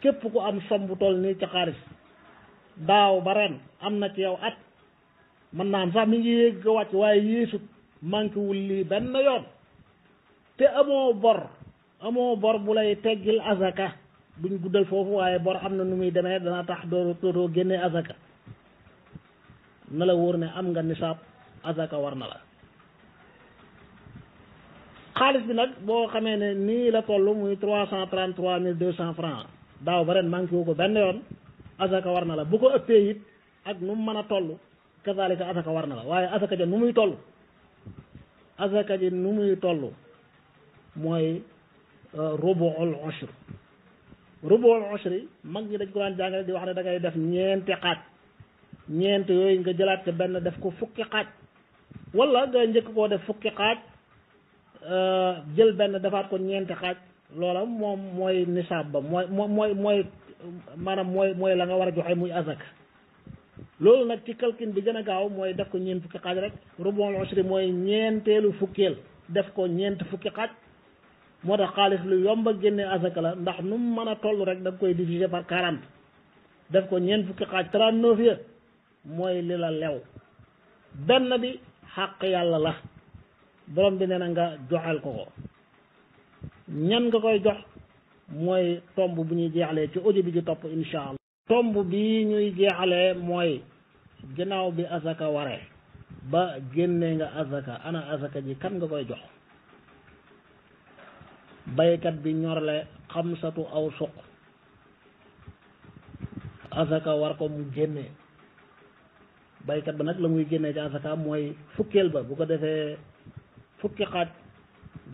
képp ku am somb toll nii ci xaalis daaw ba ren am na ci yow at mën naa am sax mi ngi yéeg wàcc waaye yéesut manqué wul lii benn yoon te amoo bor amoo bor bu lay teggil azaka duñ guddal foofu waaye bor am na nu muy demee dana tax doo dootoo génnee azaka na la wóor ne am nga ni nisaab azaka war na la xaalis bi nag boo xamee ne nii la toll muy trois cent trente trois mille deux cent francs daaw ba ren wu ko benn yoon azaka war na la bu ko ëppee it ak nu mu mën a toll kazalika asaka war na la waaye asaka ja nu muy toll asaka ji nu muy toll mooy euh, rubu'ul ushr rubu'ul mag ñi dañ ko daan jàngale di wax ne da ngay def ñeenti xaaj ñeent yooyu nga jëlaat ko benn def ko fukki xaaj wala nga njëkk koo def fukki xaaj euh, jël benn defaat ko ñeenti xaaj loola moom mooy nisaab ba mooy mooy mooy maanaam mooy mooy la nga war a joxe muy asaka loolu nag ci calcul bi gën a gaaw mooy def ko ñeent fukki xaaj rek rubul usri mooy ñeenteelu fukkeel def ko ñeent fukki xaaj moo tax xaalis lu yomb a génne asaka la ndax nu mu mën a toll rek da koy diviser par quarante def ko ñeent fukki xaaj trente-neuf ya mooy li la lew benn bi xàq yàlla la borom bi nee na nga joxal ko ko ñan nga koy jox mooy tomb bu ñuy jeexlee ci audio bi ci topp incha allah tomb bi ñuy jeexale mooy ginnaaw bi asaka waree ba génnee nga azaka ana azaka ji kan nga koy jox baykat bi ñorle xamsatu aw suq azaka war ko mu génne baykat ba nag la muy génne ci azaka mooy fukkeel ba bu ko defee fukki xaaj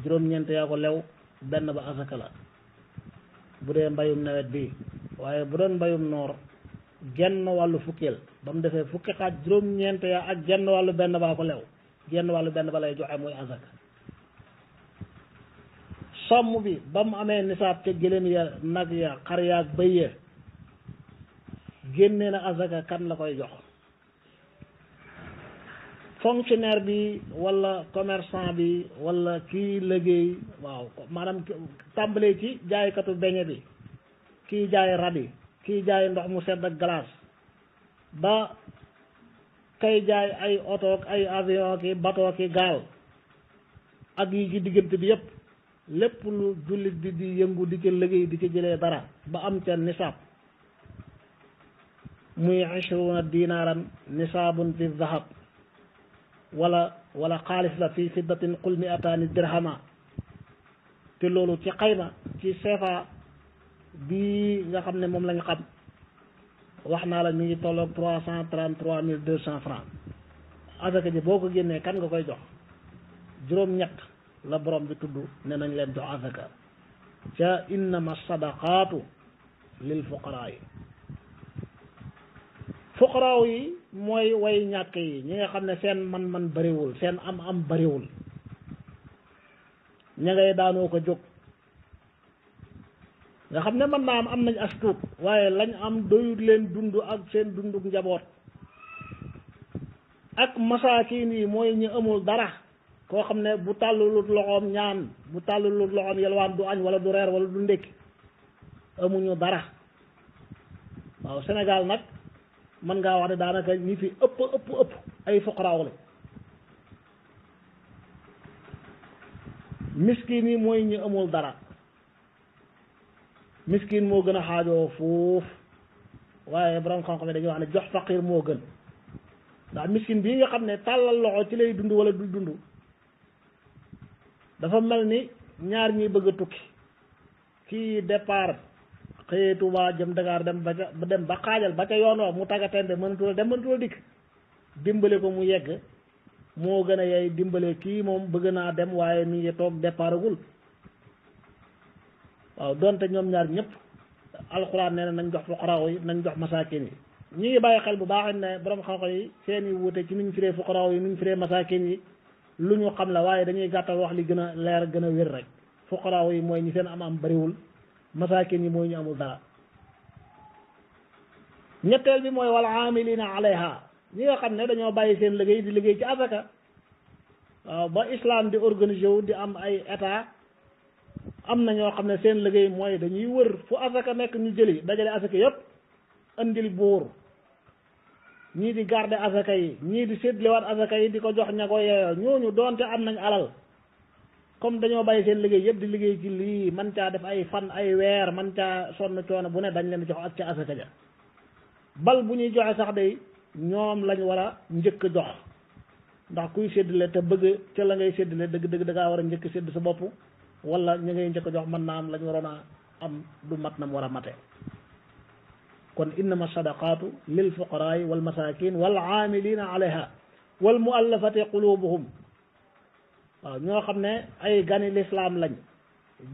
juróom-ñeent yaa ko lew benn ba azaka la bu dee mbayum nawet bi waaye bu doon mbayum noor genn wàllu fukkeel ba mu defee fukki xaaj juróom-ñeent ya ak genn wàllu benn baa ko lew genn wàllu benn ba lay joxe muy azaka somm bi ba mu amee nisaab ca gëléem ya nag ya xar ya ak génnee na azaka kan la koy jox fonctionnaire bi walla commerçant bi walla kii liggéey waaw maanaam tàmbalee ci jaaykatu beñe bi kii jaay radi kii jaay ndox mu sedd ak glace ba kay jaay ay oto ak ay avion ki bateau ki gaal ak yi ci diggante bi yépp lépp lu jullit bi di yëngu di ca liggéey di ca jëlee dara ba am ca nisaab muy ishruna dinaaran nisaabun fi zahab wala wala xaalis la fi fiddatin qul mi ataani dirhama te loolu ci xayma ci seefa bii nga xam ne moom lañu xam wax naa la mi ngi tolloog trois cent trente trois mille deux cent francs asaka ji boo ko génnee kan nga koy jox juróom-ñett la boroom bi tudd ne nañ leen jox asaka ca innama sadaqaatu lil fuqaraa yi yi mooy way ñàkk yi ñi nga xam ne seen man-man bariwul seen am am bariwul ña ngay daanoo ko jóg nga xam ne mën naa am am nañ as tuut waaye lañ am doyut leen dund ak seen dunduk njaboot ak masaakiin nii mooy ñu amul dara koo xam ne bu tàllulut loxoom ñaan bu tàllulut loxoom yelwaan du añ wala du reer wala du ndékki amuñu dara waaw Sénégal nag mën ngaa wax ne daanaka ñi fi ëpp ëpp ëpp ay fuqaraaw la miskin yi mooy ñu amul dara miskin moo gën a xaajoo foofu waaye borom xam-xam ne dañuy wax ne jox faqir moo gën ndax miskin bii nga xam ne tàllal loxo ci lay dund wala du dund dafa mel ni ñaar ñi bëgg a tukki kii départ xëyee Tuuba jëm Dakar dem ba dem ba xaajal ba ca yoon wa mu tagga tembe mënatula dem mënatula dikk dimbale ko mu yegg moo gën a yey dimbale kii moom bëgg naa dem waaye mi ngi toog départagul donte ñom ñaar ñep alxuraan neena nañ dox fuqara yi nañ dox masakin yi ñi ngi bàyyi xel bu baax ne borom xam-xam yi seen i wuute ci nuñ firee fuqaraaw yi fi firee masakin yi lu ñu xam la waye dañuy gàttal wax li gëna leer gëna wér rek fuqara yi moy ñi seen am am bari wul masakin yi moy ñu amul dara ñettel bi moy wal amilina alayha ñi nga xam ne dañoo bàyyi seen liggéey di liggéey ci asaka waaw ba islam di organiser wu di am ay état am na ñoo xam ne seen liggéey mooy dañuy wër fu asaka nekk ñu jëli dajale asaka yépp andil buur ñii di garde asaka yi ñii di séddlewaat asaka yi di ko jox ña ko yeeyoo ñooñu doonte am nañu alal comme dañoo bàyyi seen liggéey yëpp di liggéey ci lii man caa def ay fan ay weer man caa sonn coono bu ne dañ leen di jox ak ca asaka ja bal bu ñuy joxe sax day ñoom lañ war a njëkk jox ndax kuy séddale te bëgg ca la ngay séddale dëgg dëgg da ngaa war a njëkk sédd sa bopp wala ña ngay njëkk jox mën naa am lañ waroon a am du mat nam war a mate kon innama sadaqaatu lil fuqaraay wal masaakin wal aamilina alayha wal muallafati qulubuhum waaw ñoo xam ne ay gani lislaam lañ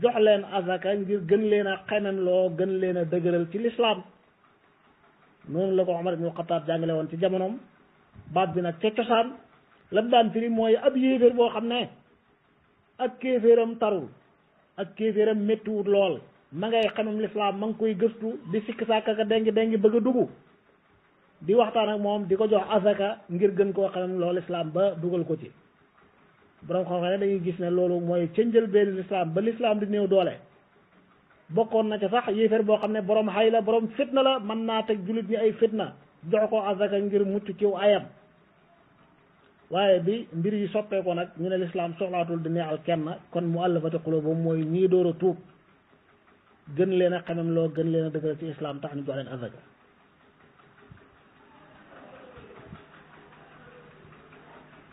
jox leen azaka ngir gën leen a xemem loo gën leen a dëgëral ci lislaam noonu la ko Omar ibnu Xataab jàngale woon ci jamonoom baat bi nag ca cosaan lam daan firi mooy ab yéeféer boo xam ne ak kéeféeram tarul ak kéeféeram méttiwut lool ma ngay xamam lislaam ma ngi koy gëstu di sikk sàkk ak dengi dengi bëgg a dugg di waxtaan ak moom di ko jox azaka ngir gën koo xamam loolu lislaam ba dugal ko ci borom xam-xam ne dañuy gis ne loolu mooy cënjël benn lislaam ba lislaam di néew doole bokkoon na ca sax yéeféer boo xam ne borom xay la borom fitna la mën naa teg jullit ñi ay fitna jox ko azaka ngir mucc ciw ayam waaye bi mbir yi soppeekoo nag ñu ne lislaam soxlaatul di neexal kenn kon mu àllfati xuloo boobu mooy ñii door a tuub gën leen a xamem loo gën leen a dëgëral ci islaam tax ñu jox leen azaka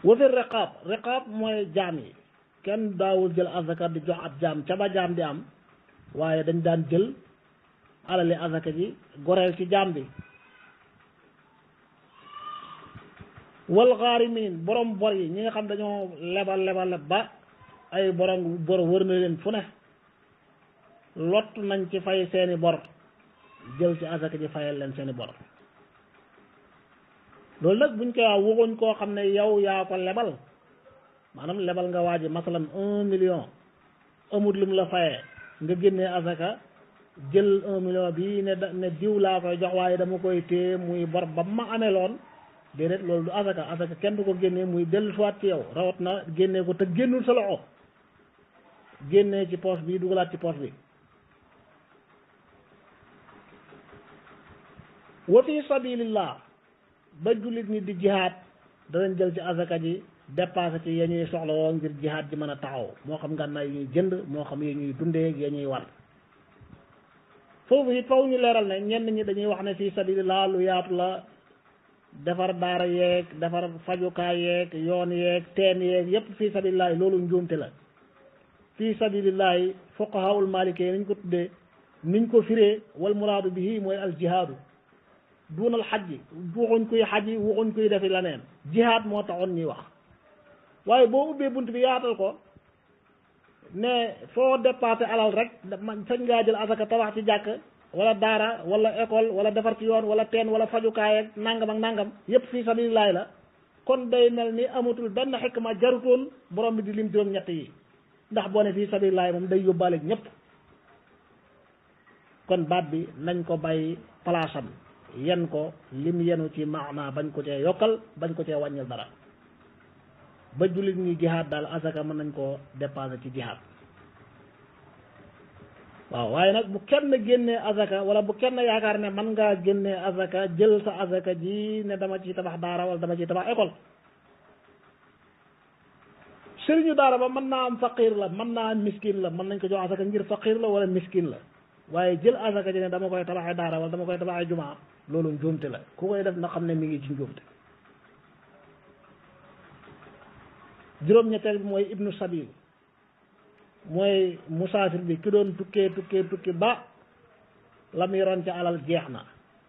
wafir riqaab riqaab mooy jaam yi kenn daawul jël azaka di jox ab jaam caba ba jaam di am waaye dañ daan jël alali azaka ji goreel ci jaam bi wal xaarimiin borom bor yi ñi nga xam dañoo lebal lebal ba ay borom bor wër na leen fu ne lott nañ ci fay seeni bor jël ci asaka ji fayal leen seeni bor loolu nag buñ koy wax waxuñ koo xam ne yow yaa ko lebal maanaam lebal nga waa ji masalan un million amut lu mu la fayee nga génnee asaka jël un million bi ne ne diw laa koy jox waaye dama koy téye muy bor ba ma amee loon déedéet loolu du asaka asaka kenn du ko génnee muy dellu soit ci yow rawat na génnee ko te génnul sa loxo génnee ci poche bi dugalaat ci poche bi wa fi sabilillah ba jullit ñi di jihaad danañ jël ci asaka ji dépassé ci ya soxla soxlawoo ngir jihaad ji mën a taxaw moo xam ngànnaay yi ñuy jënd moo xam yi ñuy dundee ya war foofu it faw ñu leeral ne ñenn ñi dañuy wax ne fi sabilillah lu yaatu la defar daara yeeg defar fajukaay yeeg yoon yeeg teen yeeg yépp fii sabilillahi loolu njuumte la fi sabilillahi fuqahaul malikee niñ ko tuddee niñ ko firee wal muraadu bihi mooy al jihaadu duunal xajji waxuñ kuy xajji waxuñ kuy defi leneen jihaad moo taxoon ñuy wax waaye boo ubbee bunt bi yaatal ko ne foo dépassé alal rek sañ ngaa jël asaka tabax ci jàkk wala daara wala école wala defar ci yoon wala teen wala fajukaay ak nangam ak nangam yëpp fii sabilillahi la kon day mel ni amatul benn ma jarutoon borom bi di lim juróom-ñett yi ndax boo ne fii sabilillahi moom day yóbbaale ñëpp kon baat bi nañ ko bàyyi place am yen ko lim yenu ci maana bañ ko cee yokkal bañ ko cee wàññil dara ba jullit ñi jihaad daal asaka mën nañ koo dépenser ci jihaad waaw waaye nag bu kenn génnee azaka wala bu kenn yaakaar ne man ngaa génnee azaka jël sa azaka ji ne dama ci tabax daara wala dama ci tabax école sëriñu daara ba mën naa am faqiir la mën naa am miskin la mën nañ ko jox azaka ngir faqiir la wala miskin la waaye jël azaka ji ne dama koy tabaxee daara wala dama koy tabaxee jumaa loolu njuumte la ku koy def na xam ne mi ngi ci njuumte juróom-ñetteel bi mooy ibnu sabil mooy musaafir bi ki doon tukkee tukkee tukki ba la mu yoroon ca alal geex na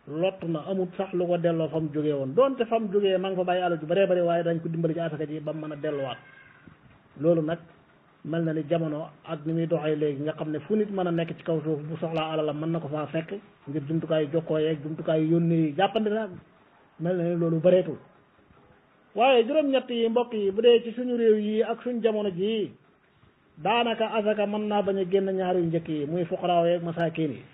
lott na amut sax lu ko delloo fa mu jógee woon doonte fa mu jógee na nga fa bàyyi ju baree bari waaye dañ ko dimbali ci asaka ji ba mu mën a delluwaat loolu nag mel na ni jamono ak ni muy doxee léegi nga xam ne fu nit mën a nekk ci kaw suuf bu soxlaa alalam mën na ko faa fekk ngir jumtukaayu jokkoo yeeg jumtukaayu yónnee yi jàppandi na mel na ni loolu bareetul waaye juróom-ñett yi mbokk yi bu dee ci suñu réew yi ak suñu jamono jii daanaka asaka mën naa bañ a génn ñaar njëkk yi muy fuqaraaw yi ak masaakin yi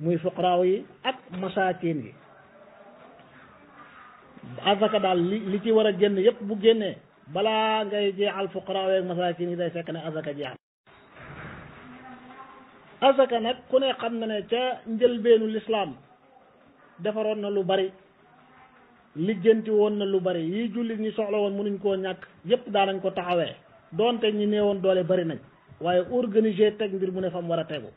yi ak masaakin yi asaka daal li li ci war a génn yépp bu génnee balaa ngay jeexal fuqaraaw yi ak masaakin yi day fekk ne asaka jeex asaka nag ku ne xam na ne ca njëlbeenu lislaam defaroon na lu bari lijjanti woon na lu bari yi jullit ñi soxla woon mënuñ koo ñàkk yépp daanañ ko taxawee donte ñi néewoon doole bari nañ waaye organiser teg mbir mu ne fam war a tegu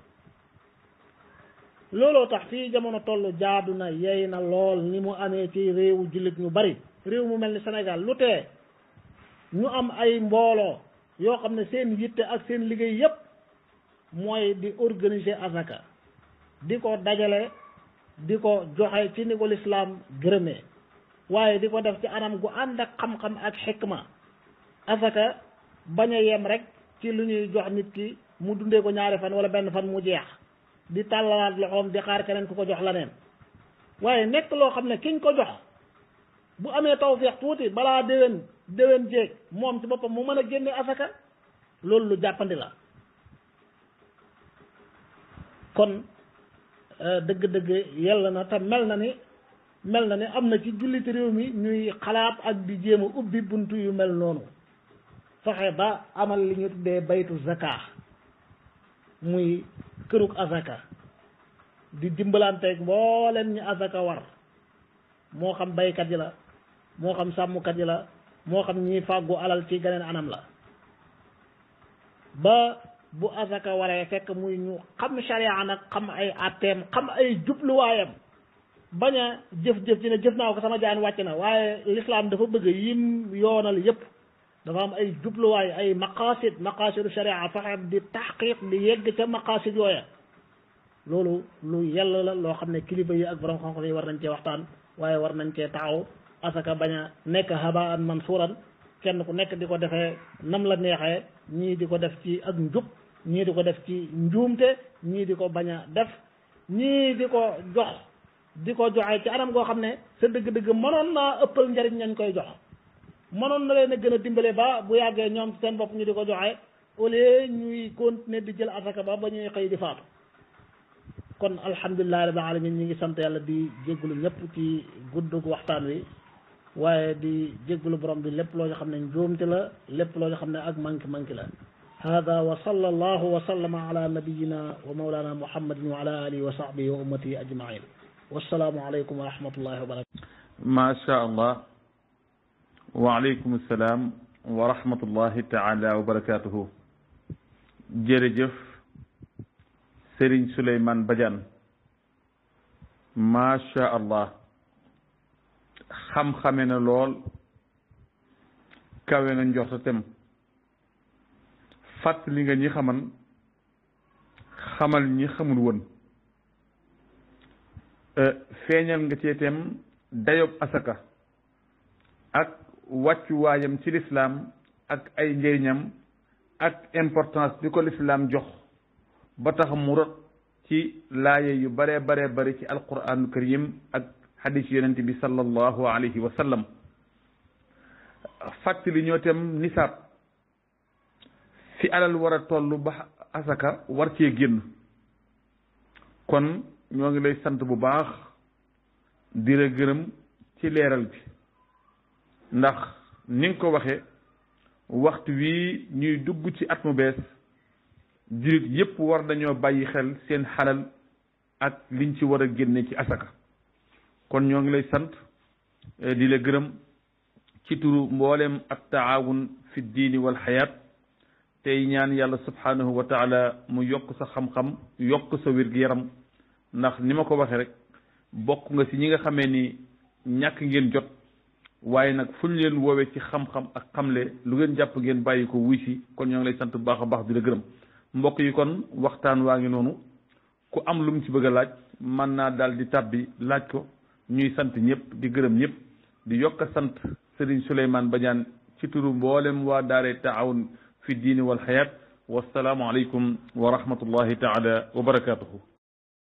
looloo tax fii jamono toll jaadu na yey na lool ni mu amee ci réewu jullit ñu bari réew mu mel ni senegal lu tee ñu am ay mbooloo yoo xam ne seen yitte ak seen liggéey yépp mooy di organiser azaka di ko dajale di ko joxe ci ni ko lislaam gërëmee waaye di ko def ci anam gu ànd ak xam-xam ak xikma azaka bañ a yem rek ci lu ñuy jox nit ki mu dundee ko ñaari fan wala benn fan mu jeex di tàllalaat loxoom di xaar keneen ku ko jox leneen waaye nekk loo xam ne kiñ ko jox bu amee tawfeex tuuti balaa déwén déwén jéeg moom ci boppam mu mën a génne asaka loolu lu jàppandi la kon euh, dëgg-dëgg yàlla na te mel na ni mel na ni am na ci julliti réew mi ñuy xalaat ak di jéem ubbi bunt yu mel noonu fexe ba amal li ñu tuddee baytu zaka muy këruk azaka di dimbalanteeg mbooleem ñi azaka war moo xam baykat yi la moo xam sàmmukat yi la moo xam ñiy fàggu alal ci geneen anam la ba bu azaka waree fekk muy ñu xam sharia nag xam ay atteem xam ay jubluwaayam bañ a jëf-jëf dina jëf naa ko sama jaan wàcc na waaye l'islam dafa bëgg yim yoonal yépp dafa am ay jubluwaay ay maqaasid maqaasidu sharia fexe di taxqiq di yegg ca maqaasid yooya loolu lu yàlla la loo xam ne kilifa yi ak borom xam-xam yi war nañ cee waxtaan waaye war nañ cee taxaw asaka bañ a nekk habaan mansuuran kenn ku nekk di ko defee nam la neexee ñii di ko def ci ak njub ñii di ko def ci njuumte ñii di ko bañ a def ñii di ko jox di ko joxe ci anam koo xam ne sa dëgg-dëgg mënoon naa ëppal njariñ ñañ koy jox manon na leena gëna dimbale ba bu yàggee ñoom seen bop ñu diko ko joxe au ñuy continuer di jël ataka ba ba ñuy xëy di faat kon alhamdullahi rabbil alamin ñi ngi sant yàlla di jéggulu ñëpp ci guddug waxtaan wi waye di jéggulu borom bi lépp lo xamné ne njuumte la lépp lo xamné ak manki manki la هذا وصلى الله وسلم على نبينا ومولانا محمد وعلى اله وصحبه وامته اجمعين والسلام عليكم ورحمه الله وبركاته ما شاء الله waaleykum salaam wa rahmatullahi taala wa barakaatuhu jërëjëf Serigne Souleymane Badiane macha allah xam-xame na lool kawe na njortatem fàttali nga ñi xaman xamal ñi xamul woon euh, feeñal nga ceetem dayob asaka ak wàccuwaayam ci lislaam ak ay njëriñam ak importance bi ko lislaam jox ba tax mu rot ci laaye yu bare bare bari ci alquraanu karim ak xadis yonent bi sallallahu alayhi wa sallam fàttali ñoo tam nisaab fi alal war a toll ba asaka war cee génn kon ñoo ngi lay sant bu baax di gërëm ci leeral bi ndax ni nga ko waxe waxtu wii ñuy dugg ci at mu bees jullit yépp war nañoo bàyyi xel seen xalal ak liñ ci war a génne ci asaka kon ñoo ngi lay sant eh, di la gërëm ci turu mbooleem at taawun fi diini wal xayaat tey ñaan yàlla subhanahu wa mu yokk sa xam-xam yokk sa wér-gu-yaram ndax ni ma ko waxee rek bokk nga ci ñi nga xamee ni ñàkk ngeen jot waaye nag fu ñu leen woowee ci xam-xam ak xamle lu ngeen jàpp ngeen bàyyi ko wuy si kon ñoo ngi lay sant bu baax a baax di la gërëm mbokk yi kon waxtaan waa ngi noonu ku am lu mu ci bëgg a laaj mën naa daal di tàbbi laaj ko ñuy sant ñëpp di gërëm ñëpp di yokk a sant Serigne Souleymane Badiane ci turu mboolem waa daare taawun fi diini wa xayaat wasalaamualeykum wa rahmatullahi taala wa barakatuhu